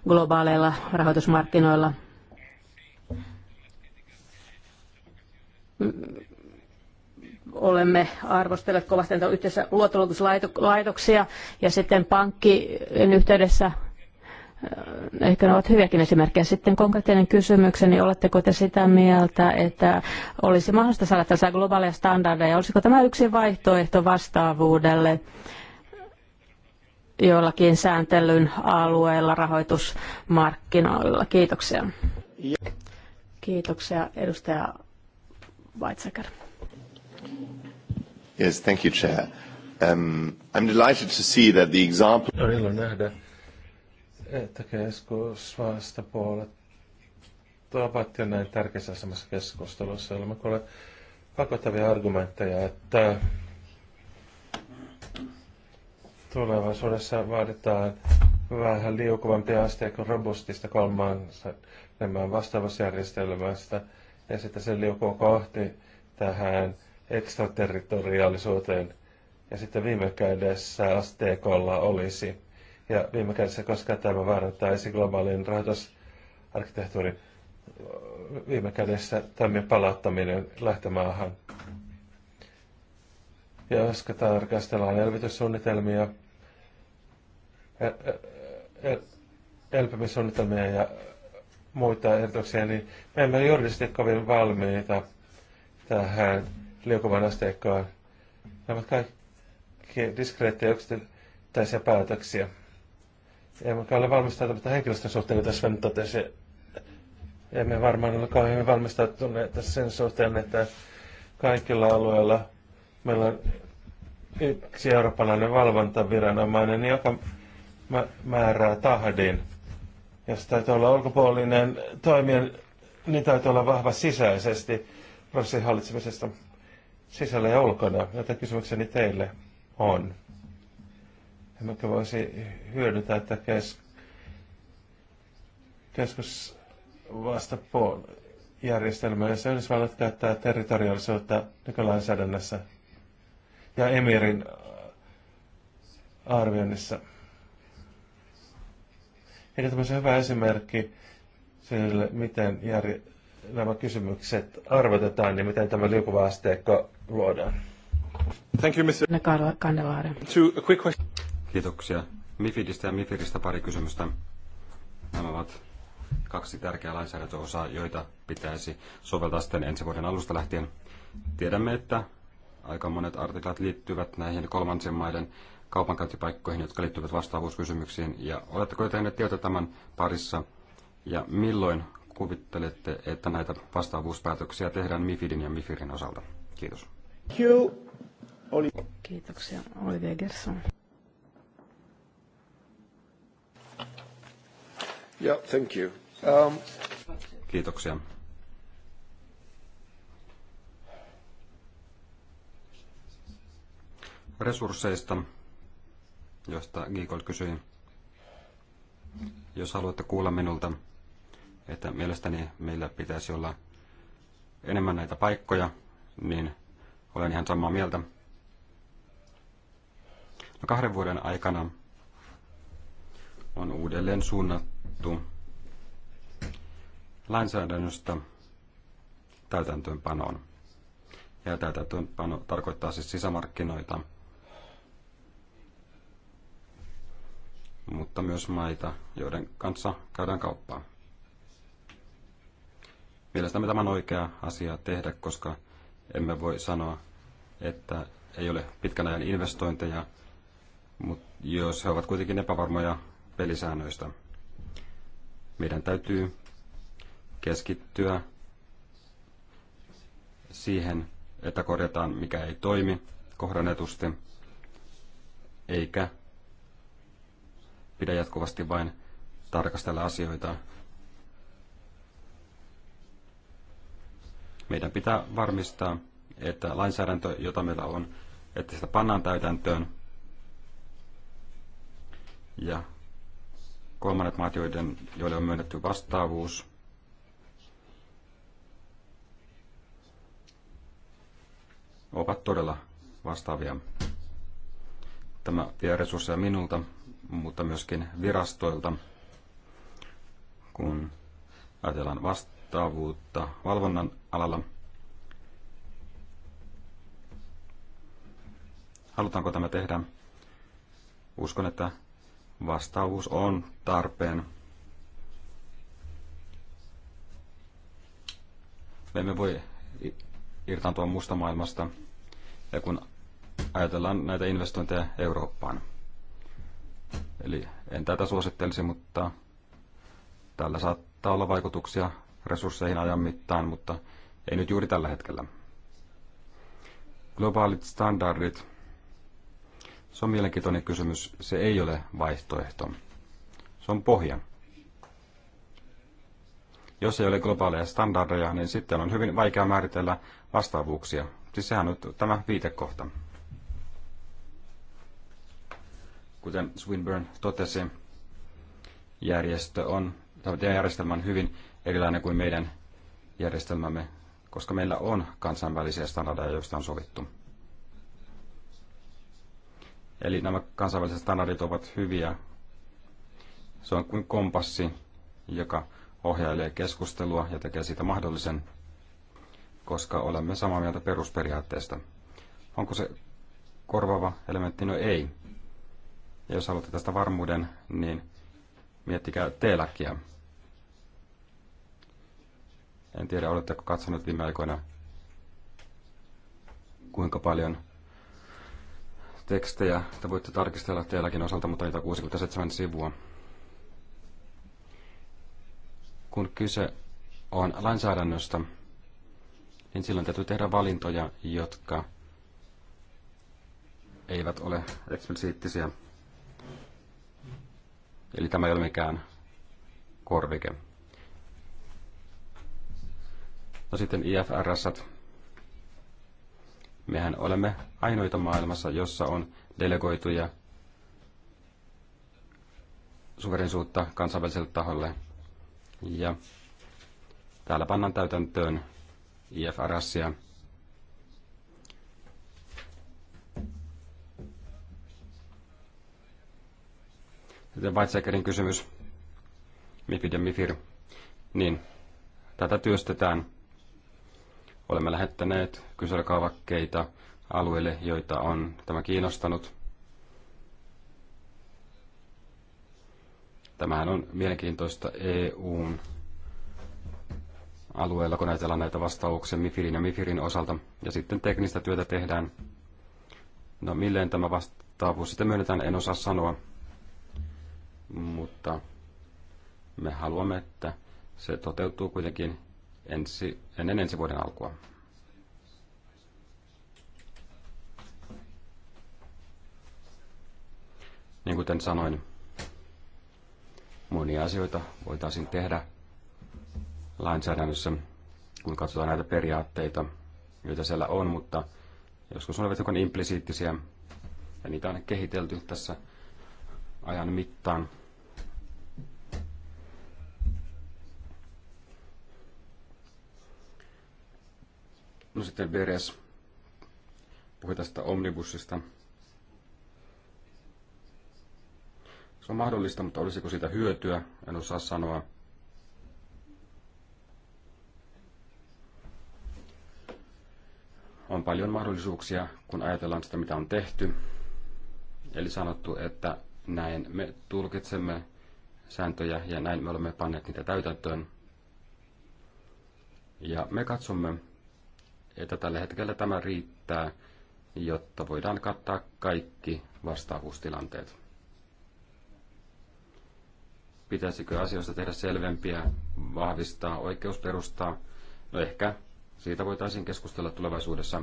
globaaleilla rahoitusmarkkinoilla olemme arvostelleet kovasti näitä yhteensä luottoluokituslaitoksia ja sitten pankkien yhteydessä äh, ehkä ne ovat hyviäkin esimerkkejä. Sitten konkreettinen kysymykseni, oletteko te sitä mieltä, että olisi mahdollista saada tällaisia globaaleja standardeja? Olisiko tämä yksi vaihtoehto vastaavuudelle jollakin sääntelyn alueella rahoitusmarkkinoilla? Kiitoksia. Kiitoksia edustaja Weizsäcker. Yes, thank you, Chair. Um, I'm delighted to see that the example... On ilo nähdä, että keskusvastapuolet ovat jo näin tärkeässä asemassa keskustelussa. Olemme kuulleet pakottavia argumentteja, että tulevaisuudessa vaaditaan vähän liukuvampia asteikon robustista nämä vastaavasta järjestelmästä ja sitten se liukuu kohti tähän ekstraterritoriaalisuuteen ja sitten viime kädessä asteekolla olisi. Ja viime kädessä, koska tämä vaarantaisi globaalin rahoitusarkkitehtuurin viime kädessä toimien palauttaminen lähtömaahan. Ja jos tarkastellaan elvytyssuunnitelmia, elpymissuunnitelmia ja muita ehdotuksia, niin me emme juridisesti kovin valmiita tähän liukuvan asteikkoon. Ne ovat kaikki diskreettejä yksittäisiä päätöksiä. Emmekä ole valmistautuneita henkilöstön suhteen, kuten Sven totesi. Emme varmaan ole kauhean valmistautuneita sen suhteen, että kaikilla alueilla meillä on yksi eurooppalainen valvontaviranomainen, joka määrää tahdin. Jos täytyy olla ulkopuolinen toimija, niin täytyy olla vahva sisäisesti prosessin hallitsemisesta sisällä ja ulkona, joten kysymykseni teille on. Emmekö voisi hyödyntää tätä kes- keskusvastapuolijärjestelmää, jossa Yhdysvallat käyttää territoriaalisuutta nykylainsäädännössä ja Emirin äh, arvioinnissa. Eli tämmöisen hyvä esimerkki sille, miten jär... nämä kysymykset arvotetaan ja niin miten tämä liukuva asteikko luodaan. Thank you, Mr. To a quick question. Kiitoksia. Mifidistä ja Mifiristä pari kysymystä. Nämä ovat kaksi tärkeää lainsäädäntöosaa, joita pitäisi soveltaa sitten ensi vuoden alusta lähtien. Tiedämme, että aika monet artiklat liittyvät näihin kolmansien maiden kaupankäyntipaikkoihin, jotka liittyvät vastaavuuskysymyksiin. Ja oletteko jo tehneet työtä tämän parissa? Ja milloin kuvittelette, että näitä vastaavuuspäätöksiä tehdään MIFIDin ja MIFIRin osalta? Kiitos. Kiitoksia. Olivia Gerson. Yeah, thank you. Um... Kiitoksia. Resursseista, josta Giikol kysyi. Jos haluatte kuulla minulta, että mielestäni meillä pitäisi olla enemmän näitä paikkoja, niin olen ihan samaa mieltä. No kahden vuoden aikana on uudelleen suunnattu lainsäädännöstä täytäntöönpanoon. Ja täytäntöönpano tarkoittaa siis sisämarkkinoita, mutta myös maita, joiden kanssa käydään kauppaa. Mielestäni tämä on oikea asia tehdä, koska emme voi sanoa, että ei ole pitkän ajan investointeja, mutta jos he ovat kuitenkin epävarmoja pelisäännöistä. Meidän täytyy keskittyä siihen, että korjataan mikä ei toimi kohdanetusti, eikä pidä jatkuvasti vain tarkastella asioita. Meidän pitää varmistaa, että lainsäädäntö, jota meillä on, että sitä pannaan täytäntöön. Ja kolmannet maat, joiden, joille on myönnetty vastaavuus, ovat todella vastaavia. Tämä vie resursseja minulta, mutta myöskin virastoilta, kun ajatellaan vastaavuutta valvonnan alalla – halutaanko tämä tehdä. Uskon, että vastaus on tarpeen. Me emme voi irtaantua musta maailmasta, ja kun ajatellaan näitä investointeja Eurooppaan. Eli en tätä suosittelisi, mutta tällä saattaa olla vaikutuksia resursseihin ajan mittaan, mutta ei nyt juuri tällä hetkellä. Globaalit standardit se on mielenkiintoinen kysymys. Se ei ole vaihtoehto. Se on pohja. Jos ei ole globaaleja standardeja, niin sitten on hyvin vaikea määritellä vastaavuuksia. Siis sehän on tämä viitekohta. Kuten Swinburne totesi, järjestö on, tämä järjestelmä on hyvin erilainen kuin meidän järjestelmämme, koska meillä on kansainvälisiä standardeja, joista on sovittu. Eli nämä kansainväliset standardit ovat hyviä. Se on kuin kompassi, joka ohjailee keskustelua ja tekee siitä mahdollisen, koska olemme samaa mieltä perusperiaatteesta. Onko se korvaava elementti? No ei. Ja jos haluatte tästä varmuuden, niin miettikää teeläkkiä. En tiedä, oletteko katsonut viime aikoina, kuinka paljon tekstejä. että voitte tarkistella teilläkin osalta, mutta niitä 67 sivua. Kun kyse on lainsäädännöstä, niin silloin täytyy tehdä valintoja, jotka eivät ole eksplisiittisiä. Eli tämä ei ole mikään korvike. No sitten IFRS. -t. Mehän olemme ainoita maailmassa, jossa on delegoituja suverensuutta kansainväliselle taholle. Ja täällä pannaan täytäntöön IFRSia. Sitten Weizsäckerin kysymys. Mifid ja Mifir. Niin, tätä työstetään Olemme lähettäneet kyselykaavakkeita alueille, joita on tämä kiinnostanut. Tämähän on mielenkiintoista EUn alueella, kun ajatellaan näitä vastauksia MIFIRin ja MIFIRin osalta. Ja sitten teknistä työtä tehdään. No milleen tämä vastaavuus sitten myönnetään, en osaa sanoa. Mutta me haluamme, että se toteutuu kuitenkin ensi, ennen ensi vuoden alkua. Niin kuten sanoin, monia asioita voitaisiin tehdä lainsäädännössä, kun katsotaan näitä periaatteita, joita siellä on, mutta joskus olivat hiukan implisiittisiä, ja niitä on kehitelty tässä ajan mittaan. No sitten Beres puhui tästä omnibussista. Se on mahdollista, mutta olisiko siitä hyötyä? En osaa sanoa. On paljon mahdollisuuksia, kun ajatellaan sitä, mitä on tehty. Eli sanottu, että näin me tulkitsemme sääntöjä ja näin me olemme panneet niitä täytäntöön. Ja me katsomme, että tällä hetkellä tämä riittää, jotta voidaan kattaa kaikki vastaavuustilanteet. Pitäisikö asioista tehdä selvempiä, vahvistaa oikeusperustaa? No ehkä siitä voitaisiin keskustella tulevaisuudessa.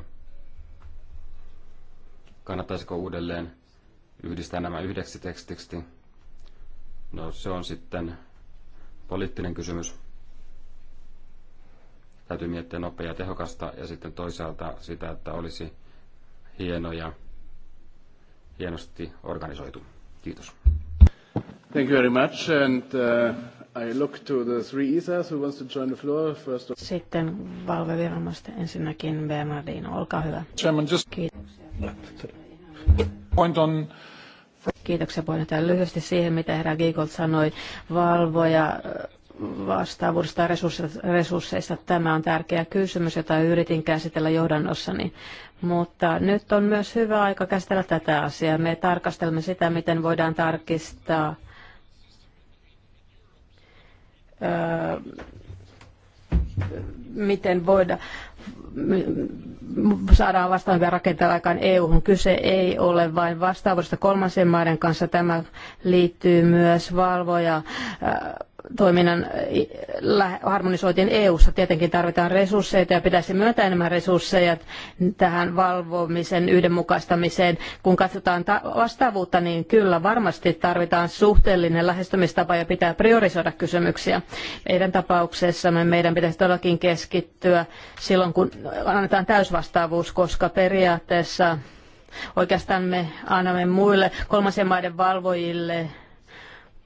Kannattaisiko uudelleen yhdistää nämä yhdeksi tekstiksi? No se on sitten poliittinen kysymys. Täytyy miettiä nopeaa ja tehokasta ja sitten toisaalta sitä, että olisi hienoja, hienosti organisoitu. Kiitos. Thank you very much. And, uh, I look to the three ESAs who wants to join the floor first. Of... Sitten valveviranomaisten ensinnäkin Bernardino, olkaa hyvä. Chairman, just... Kiitoksia. Point on Kiitoksia puheenjohtaja. Lyhyesti siihen, mitä herra Giegold sanoi. Valvoja vastaavuudesta ja resursseista. Tämä on tärkeä kysymys, jota yritin käsitellä johdannossani. Mutta nyt on myös hyvä aika käsitellä tätä asiaa. Me tarkastelemme sitä, miten voidaan tarkistaa miten voida, saadaan vastaavia rakenteita aikaan EU-hun. Kyse ei ole vain vastaavuudesta kolmansien maiden kanssa. Tämä liittyy myös valvoja toiminnan harmonisoitiin EU-ssa. Tietenkin tarvitaan resursseja ja pitäisi myöntää enemmän resursseja tähän valvomisen yhdenmukaistamiseen. Kun katsotaan vastaavuutta, niin kyllä varmasti tarvitaan suhteellinen lähestymistapa ja pitää priorisoida kysymyksiä. Meidän tapauksessamme meidän pitäisi todellakin keskittyä silloin, kun annetaan täysvastaavuus, koska periaatteessa oikeastaan me annamme muille kolmansien maiden valvojille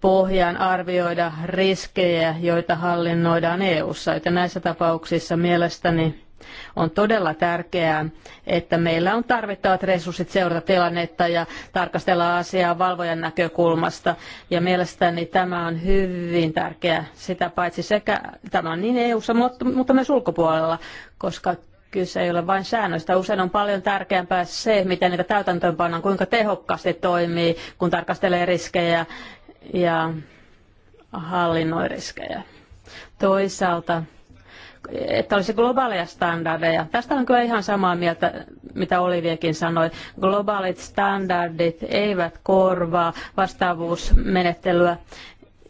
pohjaan arvioida riskejä, joita hallinnoidaan EU-ssa. Joten näissä tapauksissa mielestäni on todella tärkeää, että meillä on tarvittavat resurssit seurata tilannetta ja tarkastella asiaa valvojan näkökulmasta. Ja mielestäni tämä on hyvin tärkeää, sitä paitsi sekä tämä on niin EU-ssa, mutta myös ulkopuolella, koska kyse ei ole vain säännöistä. Usein on paljon tärkeämpää se, miten niitä täytäntöönpannaan, kuinka tehokkaasti toimii, kun tarkastelee riskejä ja hallinnoi riskejä. Toisaalta, että olisi globaaleja standardeja. Tästä on kyllä ihan samaa mieltä, mitä Oliviekin sanoi. Globaalit standardit eivät korvaa vastaavuusmenettelyä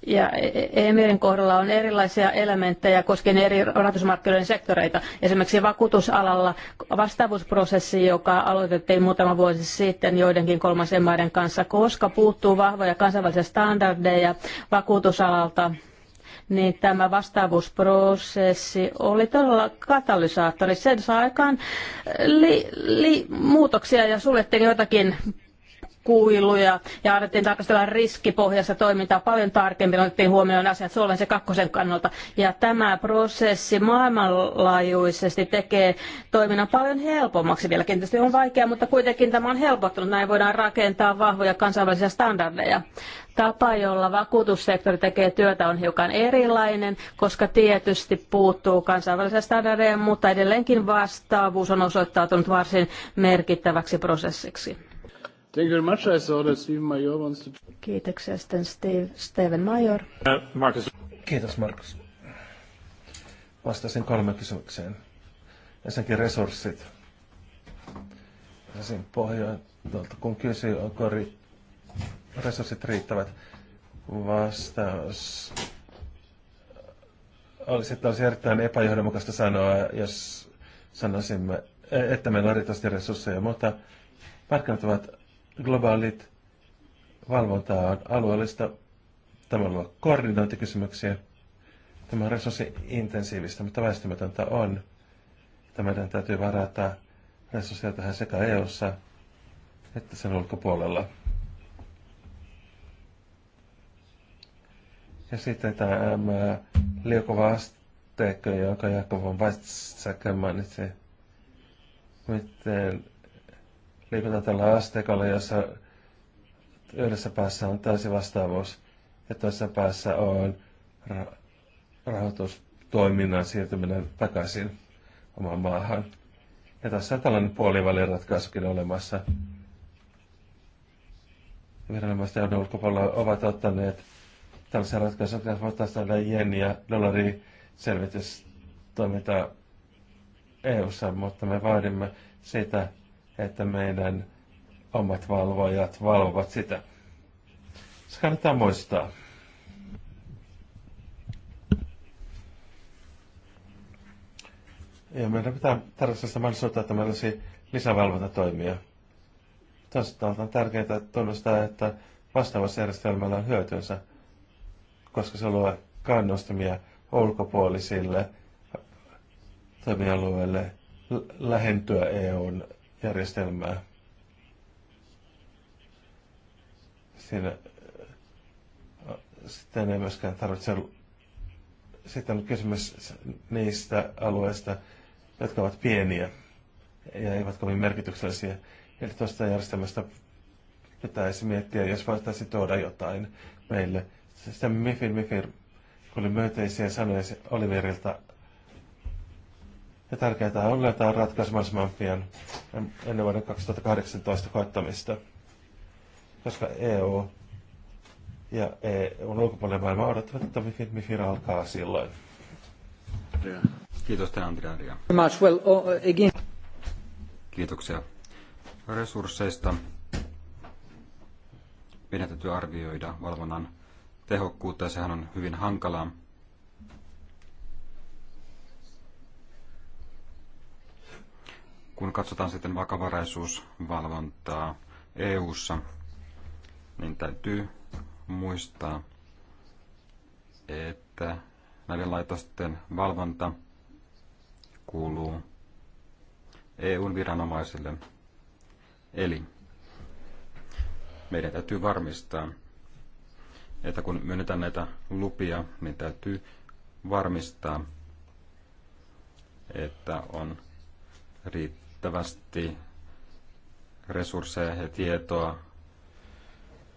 ja Emirin e-, e-, kohdalla on erilaisia elementtejä koskien eri rahoitusmarkkinoiden sektoreita. Esimerkiksi vakuutusalalla vastaavuusprosessi, joka aloitettiin muutama vuosi sitten joidenkin kolmansien maiden kanssa, koska puuttuu vahvoja kansainvälisiä standardeja vakuutusalalta, niin tämä vastaavuusprosessi oli todella katalysaattori. Sen saa aikaan li, li, muutoksia ja suljettiin jotakin kuiluja ja annettiin tarkastella riskipohjassa toimintaa paljon tarkemmin, otettiin huomioon asiat Suomen kakkosen kannalta. Ja tämä prosessi maailmanlaajuisesti tekee toiminnan paljon helpommaksi vielä. Kenties on vaikea, mutta kuitenkin tämä on helpottunut. Näin voidaan rakentaa vahvoja kansainvälisiä standardeja. Tapa, jolla vakuutussektori tekee työtä, on hiukan erilainen, koska tietysti puuttuu kansainvälisiä standardeja, mutta edelleenkin vastaavuus on osoittautunut varsin merkittäväksi prosessiksi. Thank you very much. I saw that Steven Major wants to... Kiitoksia sitten Steve, Steven Major. Uh, äh, Markus. Kiitos Markus. Vastasin kolme kysymykseen. Ensinnäkin resurssit. Ensin pohjoilta, kun kysyy, onko ri- resurssit riittävät, vastaus olisi, että olisi erittäin epäjohdonmukaista sanoa, jos sanoisimme, e- että meillä on riittävästi resursseja, mutta markkinat ovat globaalit valvontaa on alueellista. Tämä luo koordinointikysymyksiä. Tämä on resurssi-intensiivistä, mutta väistämätöntä on, että meidän täytyy varata resursseja tähän sekä EU:ssa että sen ulkopuolella. Ja sitten tämä ähm, liukuva asteikko, jonka Jakob on Weizsäcker mainitsi, miten liikutaan tällä asteikolla, jossa yhdessä päässä on täysi vastaavuus ja toisessa päässä on ra- rahoitustoiminnan siirtyminen takaisin omaan maahan. Ja tässä on tällainen puoliväliratkaisukin olemassa. Viranomaiset ja ulkopuolella ovat ottaneet tällaisia ratkaisuja, jotka voitaisiin saada jen ja dollari selvitystoimintaa EU-ssa, mutta me vaadimme sitä, että meidän omat valvojat valvovat sitä. Se kannattaa muistaa. Ja meidän pitää tarjota sitä mahdollisuutta, että meillä olisi lisävalvontatoimia. Toisaalta on tärkeää tunnustaa, että vastaavassa järjestelmällä on hyötynsä, koska se luo kannustamia ulkopuolisille toimialueille lähentyä EUn järjestelmää. Siinä sitten ei myöskään tarvitse... Sitten on kysymys niistä alueista, jotka ovat pieniä ja eivät kovin merkityksellisiä. Eli tuosta järjestelmästä pitäisi miettiä, jos voitaisiin tuoda jotain meille. Sitten Mifir Mifir, kun oli myöteisiä sanoja Oliverilta ja tärkeää on löytää ratkaisu mahdollisimman pian ennen vuoden 2018 koettamista, koska EU ja EUn ulkopuolinen maailma odottavat, että MIFIR alkaa silloin. Kiitos teille, Andrea. Kiitoksia resursseista. Meidän täytyy arvioida valvonnan tehokkuutta ja sehän on hyvin hankalaa. kun katsotaan sitten vakavaraisuusvalvontaa EU:ssa, niin täytyy muistaa, että näiden laitosten valvonta kuuluu EUn viranomaisille. Eli meidän täytyy varmistaa, että kun myönnetään näitä lupia, niin täytyy varmistaa, että on riittävä riittävästi resursseja ja tietoa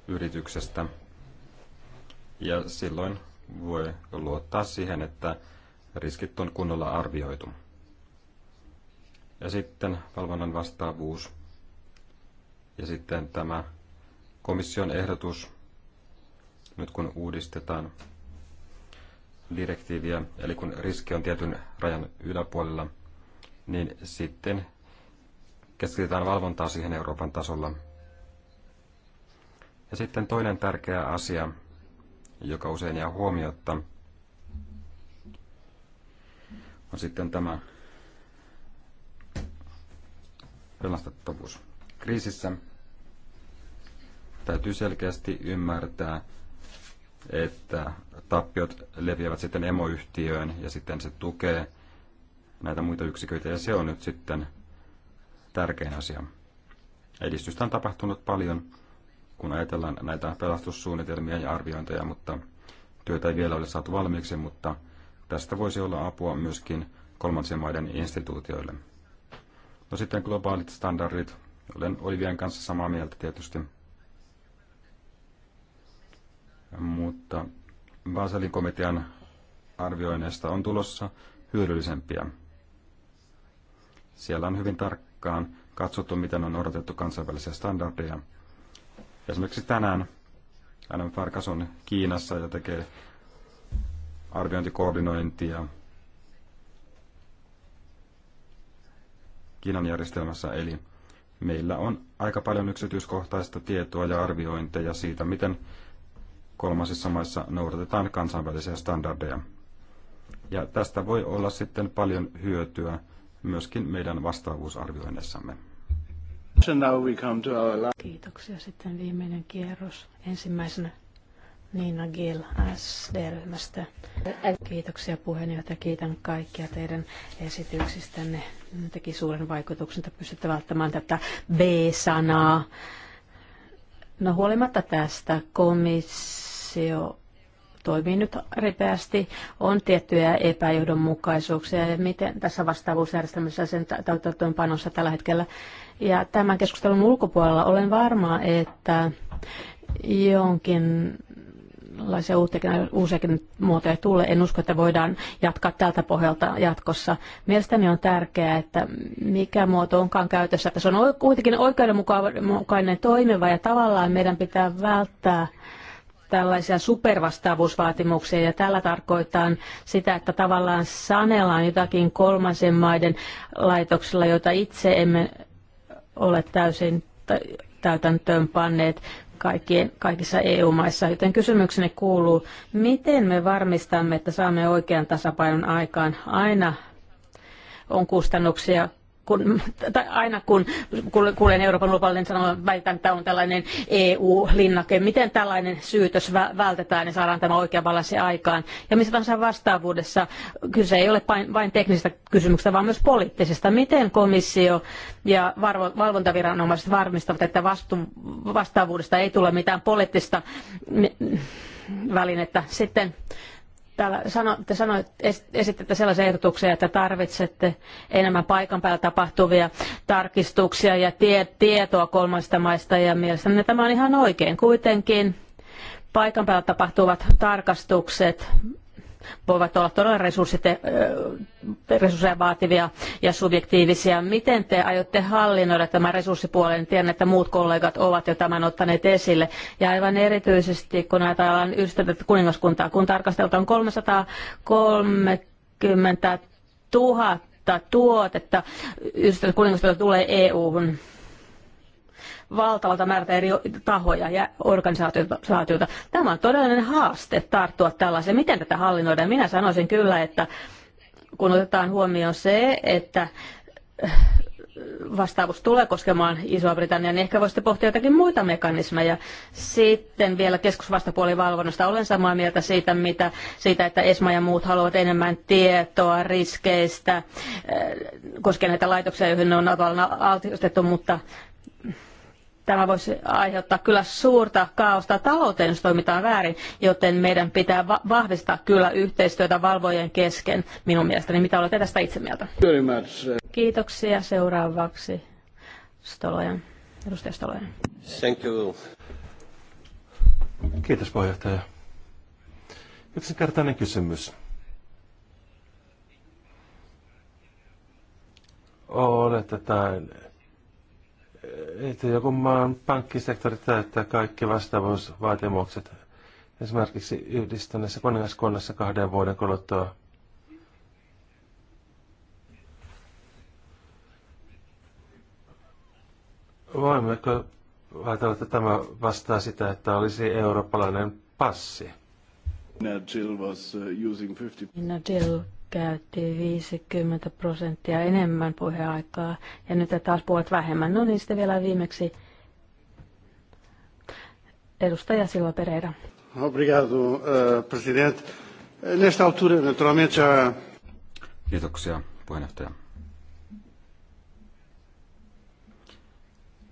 yrityksestä. Ja silloin voi luottaa siihen, että riskit on kunnolla arvioitu. Ja sitten valvonnan vastaavuus. Ja sitten tämä komission ehdotus, nyt kun uudistetaan direktiiviä, eli kun riski on tietyn rajan yläpuolella, niin sitten keskitytään valvontaa siihen Euroopan tasolla. Ja sitten toinen tärkeä asia, joka usein jää huomiotta, on sitten tämä pelastettavuus. Kriisissä täytyy selkeästi ymmärtää, että tappiot leviävät sitten emoyhtiöön ja sitten se tukee näitä muita yksiköitä ja se on nyt sitten tärkein asia. Edistystä on tapahtunut paljon, kun ajatellaan näitä pelastussuunnitelmia ja arviointeja, mutta työtä ei vielä ole saatu valmiiksi, mutta tästä voisi olla apua myöskin kolmansien maiden instituutioille. No sitten globaalit standardit. Olen Olivien kanssa samaa mieltä tietysti. Mutta Baselin komitean arvioinneista on tulossa hyödyllisempiä. Siellä on hyvin tarkka tarkkaan katsottu, miten on odotettu kansainvälisiä standardeja. Esimerkiksi tänään Adam Farkas on Kiinassa ja tekee arviointikoordinointia Kiinan järjestelmässä, eli meillä on aika paljon yksityiskohtaista tietoa ja arviointeja siitä, miten kolmansissa maissa noudatetaan kansainvälisiä standardeja. Ja tästä voi olla sitten paljon hyötyä myöskin meidän vastaavuusarvioinnissamme. Kiitoksia. Sitten viimeinen kierros. Ensimmäisenä Niina Gill SD-ryhmästä. Kiitoksia puheenjohtaja. Kiitän kaikkia teidän esityksistänne. Ne teki suuren vaikutuksen, että pystytte välttämään tätä B-sanaa. No huolimatta tästä komissio toimii nyt ripeästi, on tiettyjä epäjohdonmukaisuuksia ja miten tässä vastaavuusjärjestelmässä sen panossa tällä hetkellä. Ja tämän keskustelun ulkopuolella olen varma, että jonkin laisia uusiakin muotoja tulee. En usko, että voidaan jatkaa tältä pohjalta jatkossa. Mielestäni on tärkeää, että mikä muoto onkaan käytössä, että se on kuitenkin oikeudenmukainen, toimiva ja tavallaan meidän pitää välttää tällaisia supervastaavuusvaatimuksia ja tällä tarkoittaa sitä, että tavallaan sanellaan jotakin kolmansien maiden laitoksilla, joita itse emme ole täysin täytäntöön panneet kaikkien, kaikissa EU-maissa. Joten kysymykseni kuuluu, miten me varmistamme, että saamme oikean tasapainon aikaan aina on kustannuksia kun, tai aina kun kuulen Euroopan ulkopuolinen niin sanon, väitän, että on tällainen EU-linnake. Miten tällainen syytös vältetään ja saadaan tämä oikea balanssi aikaan? Ja missä tahansa vastaavuudessa kyse ei ole vain teknisistä kysymyksistä, vaan myös poliittisista. Miten komissio ja valvontaviranomaiset varmistavat, että vastu, vastaavuudesta ei tule mitään poliittista välinettä? Sitten Täällä sano, te sanoit, esitätte sellaisia ehdotuksia, että tarvitsette enemmän paikan päällä tapahtuvia tarkistuksia ja tie, tietoa kolmansista maista ja mielestäni tämä on ihan oikein. Kuitenkin paikan päällä tapahtuvat tarkastukset voivat olla todella eh, resursseja vaativia ja subjektiivisia. Miten te aiotte hallinnoida tämän resurssipuolen? Tiedän, että muut kollegat ovat jo tämän ottaneet esille. Ja aivan erityisesti, kun ajatellaan yhdistettä kuningaskuntaa, kun tarkasteltaan 330 000 tuotetta yhdistettä kuningaskuntaa tulee EU-hun valtavalta määrältä eri tahoja ja organisaatioita. Tämä on todellinen haaste tarttua tällaiseen. Miten tätä hallinnoidaan? Minä sanoisin kyllä, että kun otetaan huomioon se, että eh, vastaavuus tulee koskemaan Iso-Britannia, niin ehkä voisitte pohtia jotakin muita mekanismeja. Sitten vielä keskusvastapuolivalvonnasta. Olen samaa mieltä siitä, mitä, siitä, että ESMA ja muut haluavat enemmän tietoa riskeistä eh, koskien näitä laitoksia, joihin ne on altistettu, mutta tämä voisi aiheuttaa kyllä suurta kaaosta talouteen, jos toimitaan väärin, joten meidän pitää va- vahvistaa kyllä yhteistyötä valvojen kesken minun mielestäni. Mitä olette tästä itse mieltä? Kiitoksia. Seuraavaksi Stolojan. Edustaja Stolojan. Thank you. Kiitos puheenjohtaja. Yksinkertainen kysymys. Oletetaan, että joku maan pankkisektori täyttää kaikki vastaavuusvaatimukset. Esimerkiksi yhdistyneessä kuningaskunnassa kahden vuoden kuluttua. Voimmeko ajatella, että tämä vastaa sitä, että olisi eurooppalainen passi? 50... Uh, Nadil käytti 50 prosenttia enemmän puheaikaa ja nyt taas puolet vähemmän. No niin, sitten vielä viimeksi edustaja Silva Pereira. Obrigado, eh, president. Nesta altura, naturalmente, Kiitoksia, puheenjohtaja.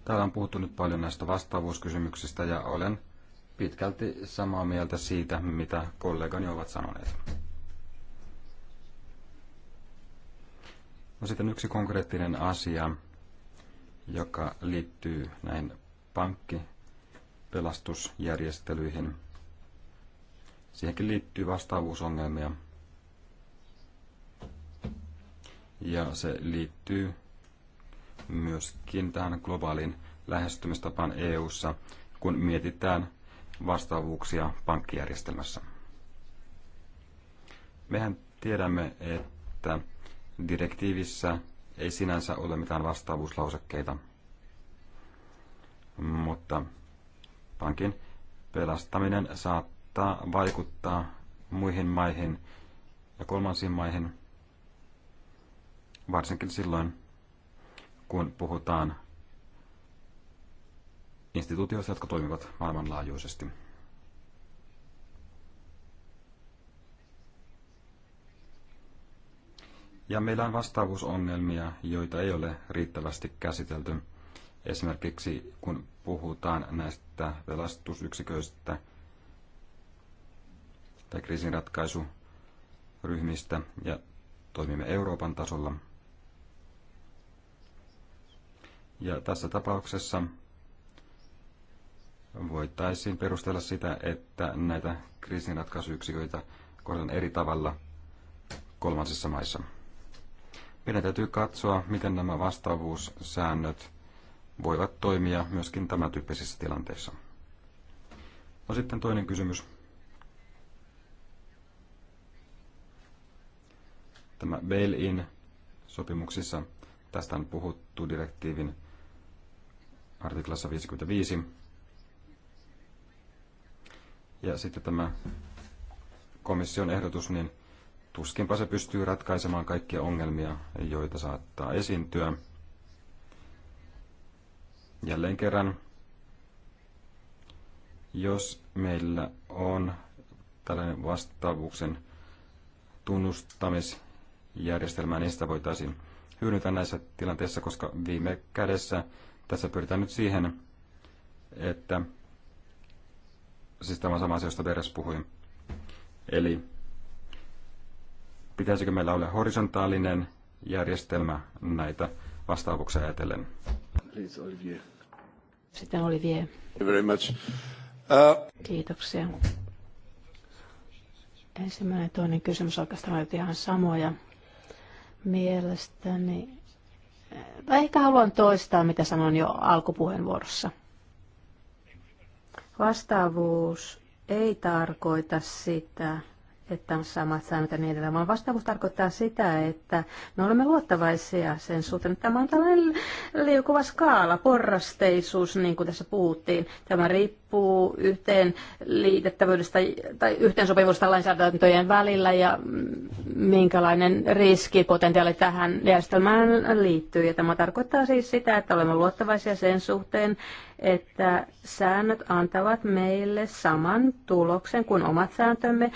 Täällä on puhuttu nyt paljon näistä vastaavuuskysymyksistä ja olen pitkälti samaa mieltä siitä, mitä kollegani ovat sanoneet. No sitten yksi konkreettinen asia, joka liittyy näihin pankkipelastusjärjestelyihin. Siihenkin liittyy vastaavuusongelmia. Ja se liittyy myöskin tähän globaaliin lähestymistapaan EU:ssa, kun mietitään vastaavuuksia pankkijärjestelmässä. Mehän tiedämme, että Direktiivissä ei sinänsä ole mitään vastaavuuslausekkeita, mutta pankin pelastaminen saattaa vaikuttaa muihin maihin ja kolmansiin maihin, varsinkin silloin, kun puhutaan instituutioista, jotka toimivat maailmanlaajuisesti. Ja meillä on vastaavuusongelmia, joita ei ole riittävästi käsitelty. Esimerkiksi kun puhutaan näistä pelastusyksiköistä tai kriisinratkaisuryhmistä ja toimimme Euroopan tasolla. Ja tässä tapauksessa voitaisiin perustella sitä, että näitä kriisinratkaisuyksiköitä kohdellaan eri tavalla kolmansissa maissa. Meidän täytyy katsoa, miten nämä vastaavuussäännöt voivat toimia myöskin tämän tyyppisissä tilanteissa. No sitten toinen kysymys. Tämä bail-in sopimuksissa, tästä on puhuttu direktiivin artiklassa 55. Ja sitten tämä komission ehdotus, niin tuskinpa se pystyy ratkaisemaan kaikkia ongelmia, joita saattaa esiintyä. Jälleen kerran, jos meillä on tällainen vastaavuuksen tunnustamisjärjestelmä, niin sitä voitaisiin hyödyntää näissä tilanteissa, koska viime kädessä tässä pyritään nyt siihen, että siis tämä on sama asia, josta Veres Eli Pitäisikö meillä olla horisontaalinen järjestelmä näitä vastaavuuksia ajatellen? Please, Olivier. Sitten Olivier. Very much. Uh... Kiitoksia. Ensimmäinen ja toinen kysymys oikeastaan on ihan samoja. Mielestäni, tai ehkä haluan toistaa, mitä sanoin jo alkupuheenvuorossa. Vastaavuus ei tarkoita sitä, että on samat säännöt ja niin edelleen, vaan vastaavuus tarkoittaa sitä, että me olemme luottavaisia sen suhteen, että tämä on tällainen liukuva skaala, porrasteisuus, niin kuin tässä puhuttiin. Tämä riippuu yhteen liitettävyydestä tai sopivuudesta lainsäädäntöjen välillä ja minkälainen riski potentiaali tähän järjestelmään liittyy. Ja tämä tarkoittaa siis sitä, että olemme luottavaisia sen suhteen, että säännöt antavat meille saman tuloksen kuin omat sääntömme.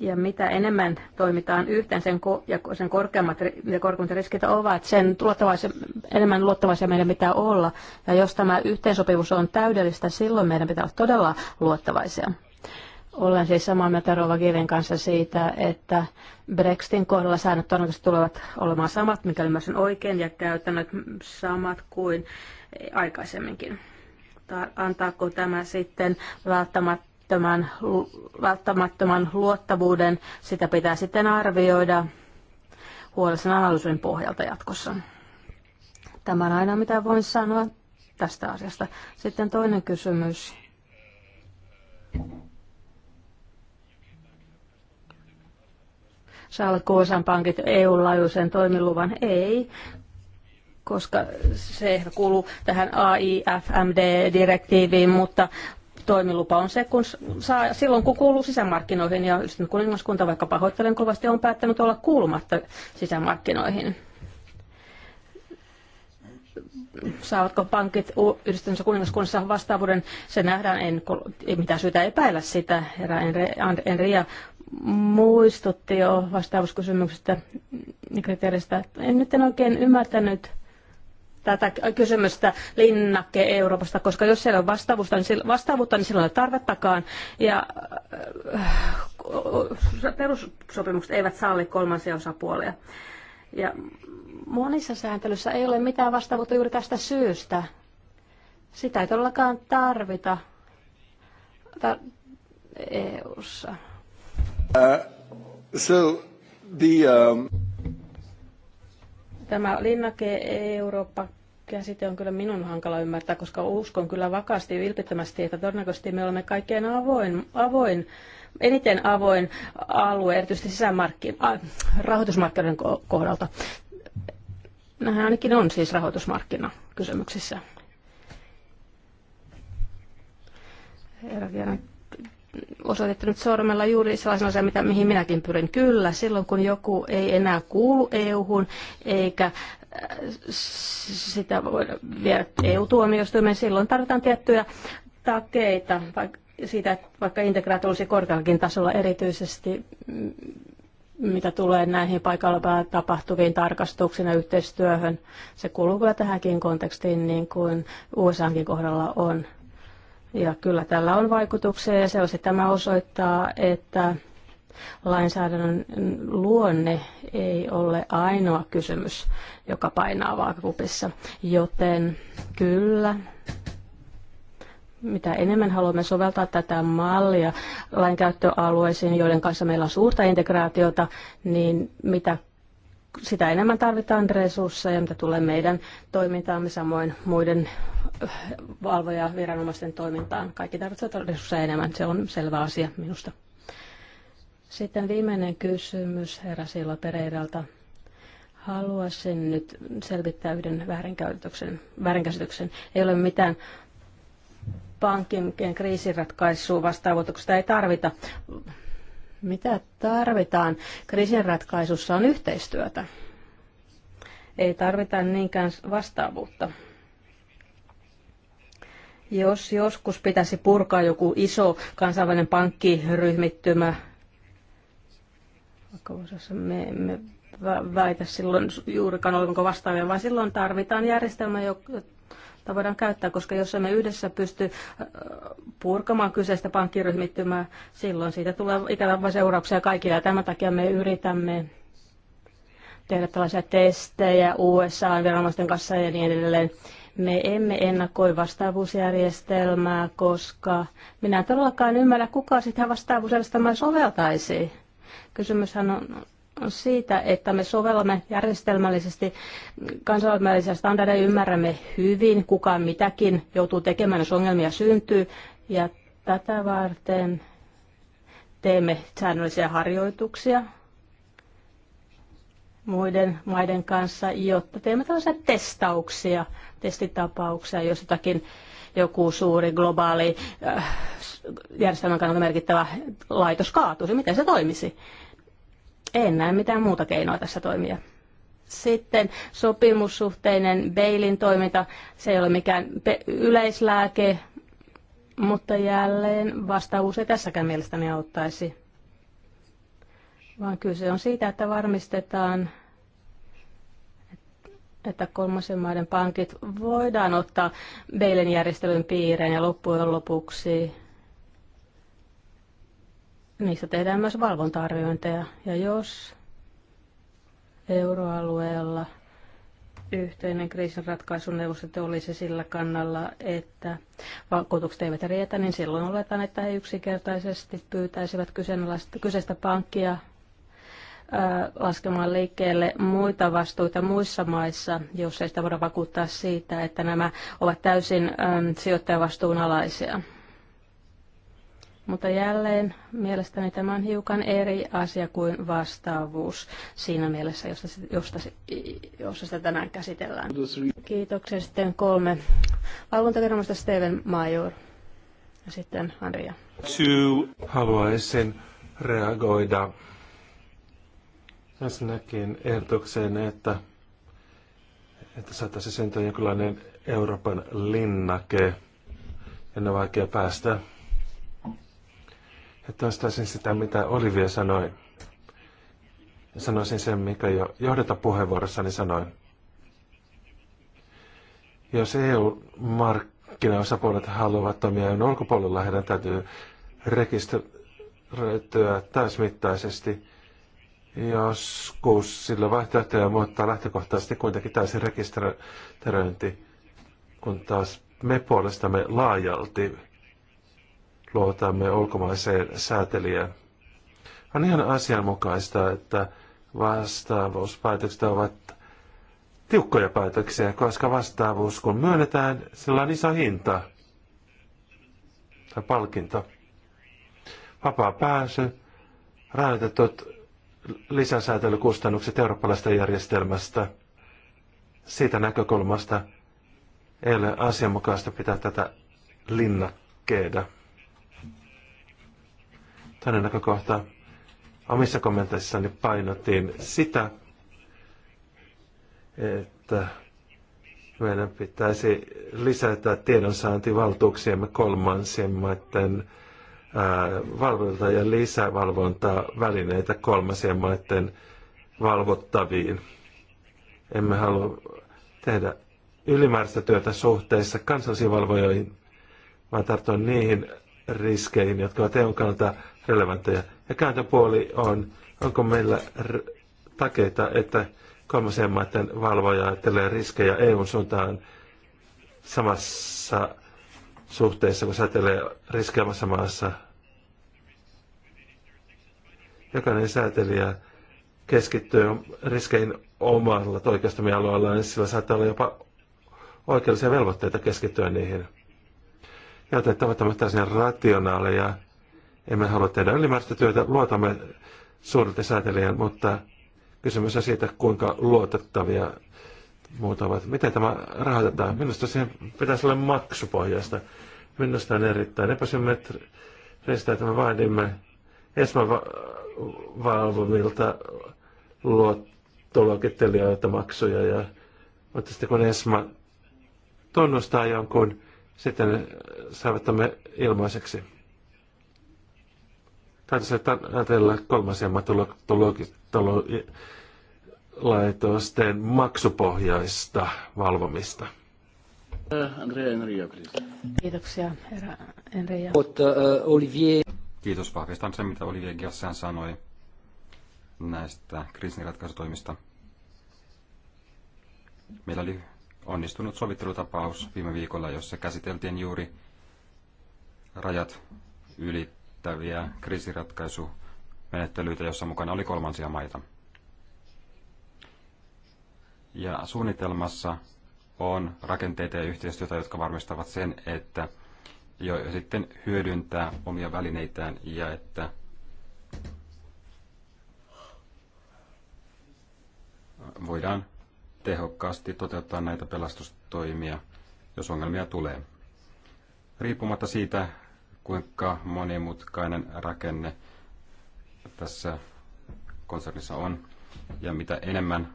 Ja mitä enemmän toimitaan yhteen sen ko- ja sen korkeammat, ja korkeammat riskit ovat, sen enemmän luottavaisia meidän pitää olla. Ja jos tämä yhteensopivuus on täydellistä, silloin meidän pitää olla todella luottavaisia. Olen siis samaa mieltä Rova Gilin kanssa siitä, että Brexitin kohdalla säännöt todennäköisesti tulevat olemaan samat, mikä myös oikein, ja käytännöt samat kuin aikaisemminkin. Antaako tämä sitten välttämättä välttämättömän, välttämättömän luottavuuden. Sitä pitää sitten arvioida huolellisen analyysin pohjalta jatkossa. Tämä on aina mitä voin sanoa tästä asiasta. Sitten toinen kysymys. Saatko osan pankit EU-laajuisen toimiluvan? Ei, koska se ehkä kuuluu tähän AIFMD-direktiiviin, mutta toimilupa on se, kun saa, silloin kun kuuluu sisämarkkinoihin ja kuningaskunta, vaikka pahoittelen kovasti, on päättänyt olla kuulumatta sisämarkkinoihin. Saavatko pankit yhdistyneessä kuningaskunnassa vastaavuuden? Se nähdään, en, ei mitään syytä epäillä sitä. Herra Enria muistutti jo vastaavuuskysymyksestä kriteeristä. En nyt en oikein ymmärtänyt, tätä kysymystä linnakke Euroopasta, koska jos siellä on vastaavuutta, niin, vastaavuutta, niin sillä ei tarvettakaan. Ja äh, perussopimukset eivät salli kolmansia osapuolia. Ja monissa sääntelyssä ei ole mitään vastaavuutta juuri tästä syystä. Sitä ei todellakaan tarvita tar- EU-ssa. Uh, so the, um... Tämä linnake Eurooppa käsite on kyllä minun hankala ymmärtää, koska uskon kyllä vakaasti ja vilpittömästi, että todennäköisesti me olemme kaikkein avoin, avoin eniten avoin alue, erityisesti sisämarkkin, äh, rahoitusmarkkinoiden kohdalta. Nähän ainakin on siis rahoitusmarkkina kysymyksissä. Herra osoitettu nyt sormella juuri sellaisen asian, mitä, mihin minäkin pyrin. Kyllä, silloin kun joku ei enää kuulu EU-hun eikä äh, sitä voida viedä EU-tuomioistuimeen, silloin tarvitaan tiettyjä takeita siitä, että vaikka integraatio olisi korkeallakin tasolla erityisesti mitä tulee näihin paikalla tapahtuviin tarkastuksiin ja yhteistyöhön. Se kuuluu kyllä tähänkin kontekstiin, niin kuin USA:kin kohdalla on. Ja kyllä tällä on vaikutuksia ja se on tämä osoittaa, että lainsäädännön luonne ei ole ainoa kysymys, joka painaa vaakakupissa. Joten kyllä, mitä enemmän haluamme soveltaa tätä mallia lainkäyttöalueisiin, joiden kanssa meillä on suurta integraatiota, niin mitä sitä enemmän tarvitaan resursseja, mitä tulee meidän toimintaamme, samoin muiden äh, valvoja viranomaisten toimintaan. Kaikki tarvitsevat resursseja enemmän, se on selvä asia minusta. Sitten viimeinen kysymys herra Silva Pereiralta. Haluaisin nyt selvittää yhden väärinkäytöksen, väärinkäsityksen. Ei ole mitään pankin kriisinratkaisua vastaavuutuksesta ei tarvita mitä tarvitaan? ratkaisussa on yhteistyötä. Ei tarvita niinkään vastaavuutta. Jos joskus pitäisi purkaa joku iso kansainvälinen pankkiryhmittymä, me emme väitä silloin juurikaan olevanko vastaavia, vaan silloin tarvitaan järjestelmä, jota voidaan käyttää, koska jos emme yhdessä pysty äh, purkamaan kyseistä pankkiryhmittymää, silloin siitä tulee ikävä seurauksia kaikille. Ja tämän takia me yritämme tehdä tällaisia testejä USA-viranomaisten kanssa ja niin edelleen. Me emme ennakoi vastaavuusjärjestelmää, koska minä en todellakaan ymmärrä, kuka sitä vastaavuusjärjestelmää soveltaisi. Kysymyshän on siitä, että me sovellamme järjestelmällisesti kansainvälisiä standardeja, ymmärrämme hyvin, kuka mitäkin joutuu tekemään, jos ongelmia syntyy, ja tätä varten teemme säännöllisiä harjoituksia muiden maiden kanssa, jotta teemme tällaisia testauksia, testitapauksia, jos jotakin joku suuri globaali äh, järjestelmän kannalta merkittävä laitos kaatuisi, miten se toimisi. En näe mitään muuta keinoa tässä toimia. Sitten sopimussuhteinen Beilin toiminta, se ei ole mikään yleislääke, mutta jälleen vastaavuus ei tässäkään mielestäni auttaisi. Vaan kyse on siitä, että varmistetaan, että kolmasen maiden pankit voidaan ottaa Beilin järjestelyn piireen ja loppujen lopuksi niissä tehdään myös arviointeja Ja jos euroalueella yhteinen kriisinratkaisuneuvosto olisi sillä kannalla, että vakuutukset eivät riitä, niin silloin oletaan, että he yksinkertaisesti pyytäisivät kyseistä pankkia laskemaan liikkeelle muita vastuita muissa maissa, jos ei sitä voida vakuuttaa siitä, että nämä ovat täysin sijoittajavastuun alaisia. Mutta jälleen mielestäni tämä on hiukan eri asia kuin vastaavuus siinä mielessä, josta, josta, josta sitä tänään käsitellään. Kiitoksia. Sitten kolme valvontakerromusta Steven Major ja sitten Andrea. Two. Haluaisin reagoida ensinnäkin ehdotukseen, että, että saattaisi syntyä jonkinlainen Euroopan linnake, jonne on vaikea päästä. Ja toistaisin sitä, mitä Olivia sanoi. Ja sanoisin sen, mikä jo johdata puheenvuorossani sanoin. Jos EU-markkinaosapuolet haluavat toimia EUn ulkopuolella, heidän täytyy rekisteröityä täysmittaisesti. Joskus sillä vaihtoehtoja muuttaa lähtökohtaisesti kuitenkin täysin rekisteröinti, kun taas me puolestamme laajalti luotamme ulkomaiseen säätelijään. On ihan asianmukaista, että vastaavuuspäätökset ovat tiukkoja päätöksiä, koska vastaavuus kun myönnetään, sillä on iso hinta tai palkinto. Vapaa pääsy, rajoitetut lisäsäätelykustannukset eurooppalaisesta järjestelmästä. Siitä näkökulmasta ei ole asianmukaista pitää tätä linnakkeena. Toinen näkökohta. Omissa kommenteissani painotin sitä, että meidän pitäisi lisätä tiedonsaantivaltuuksiemme kolmansien maiden valvonta ja lisävalvontavälineitä kolmansien maiden valvottaviin. Emme halua tehdä ylimääräistä työtä suhteessa kansallisiin valvojoihin, vaan tarttua niihin riskeihin, jotka ovat EUn kannalta relevantteja. Ja kääntöpuoli on, onko meillä takeita, että kolmasen maiden valvoja ajattelee riskejä EUn suuntaan samassa suhteessa, kun säätelee riskejä omassa maassa. Jokainen säätelijä keskittyy riskein omalla oikeustomialueellaan, niin sillä saattaa olla jopa oikeudellisia velvoitteita keskittyä niihin. Joten tavoittamatta tämmöisiä rationaaleja emme halua tehdä ylimääräistä työtä, luotamme suurelta säätelijän, mutta kysymys on siitä, kuinka luotettavia muut ovat. Miten tämä rahoitetaan? Minusta siihen pitäisi olla maksupohjasta. Minusta on erittäin epäsymmetristä, että me vaadimme ESMA valvomilta luottoluokittelijoilta maksuja. Ja, mutta sitten kun ESMA tunnustaa jonkun, sitten saavat ilmaiseksi. Tarvitsee ajatella kolmasien matulaitosten maksupohjaista valvomista. Eh, Kiitoksia, herra Enria. Eh, Olivier. Kiitos. Vahvistan sen, mitä Olivier Gassan sanoi näistä kriisinratkaisutoimista. Meillä oli onnistunut sovittelutapaus viime viikolla, jossa käsiteltiin juuri rajat yli merkittäviä kriisiratkaisumenettelyitä, jossa mukana oli kolmansia maita. Ja suunnitelmassa on rakenteita ja yhteistyötä, jotka varmistavat sen, että jo sitten hyödyntää omia välineitään ja että voidaan tehokkaasti toteuttaa näitä pelastustoimia, jos ongelmia tulee. Riippumatta siitä, kuinka monimutkainen rakenne tässä konsernissa on ja mitä enemmän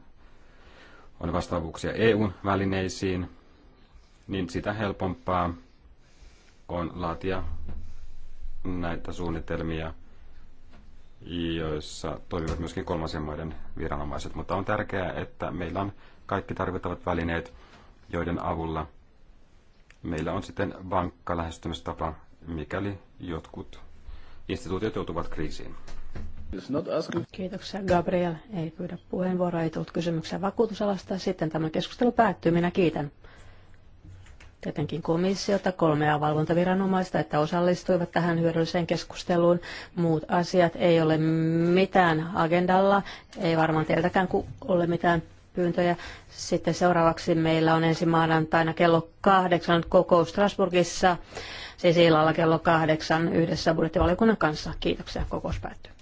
on vastaavuuksia EU-välineisiin, niin sitä helpompaa on laatia näitä suunnitelmia, joissa toimivat myöskin kolmansien maiden viranomaiset. Mutta on tärkeää, että meillä on kaikki tarvittavat välineet, joiden avulla meillä on sitten vankka lähestymistapa mikäli jotkut instituutiot joutuvat kriisiin. Kiitoksia Gabriel. Ei pyydä puheenvuoroa, ei tullut kysymyksiä vakuutusalasta. Sitten tämä keskustelu päättyy. Minä kiitän tietenkin komissiota, kolmea valvontaviranomaista, että osallistuivat tähän hyödylliseen keskusteluun. Muut asiat ei ole mitään agendalla, ei varmaan teiltäkään ole mitään pyyntöjä. Sitten seuraavaksi meillä on ensi maanantaina kello kahdeksan kokous Strasbourgissa siis illalla kello kahdeksan yhdessä budjettivaliokunnan kanssa. Kiitoksia, kokous päättyy.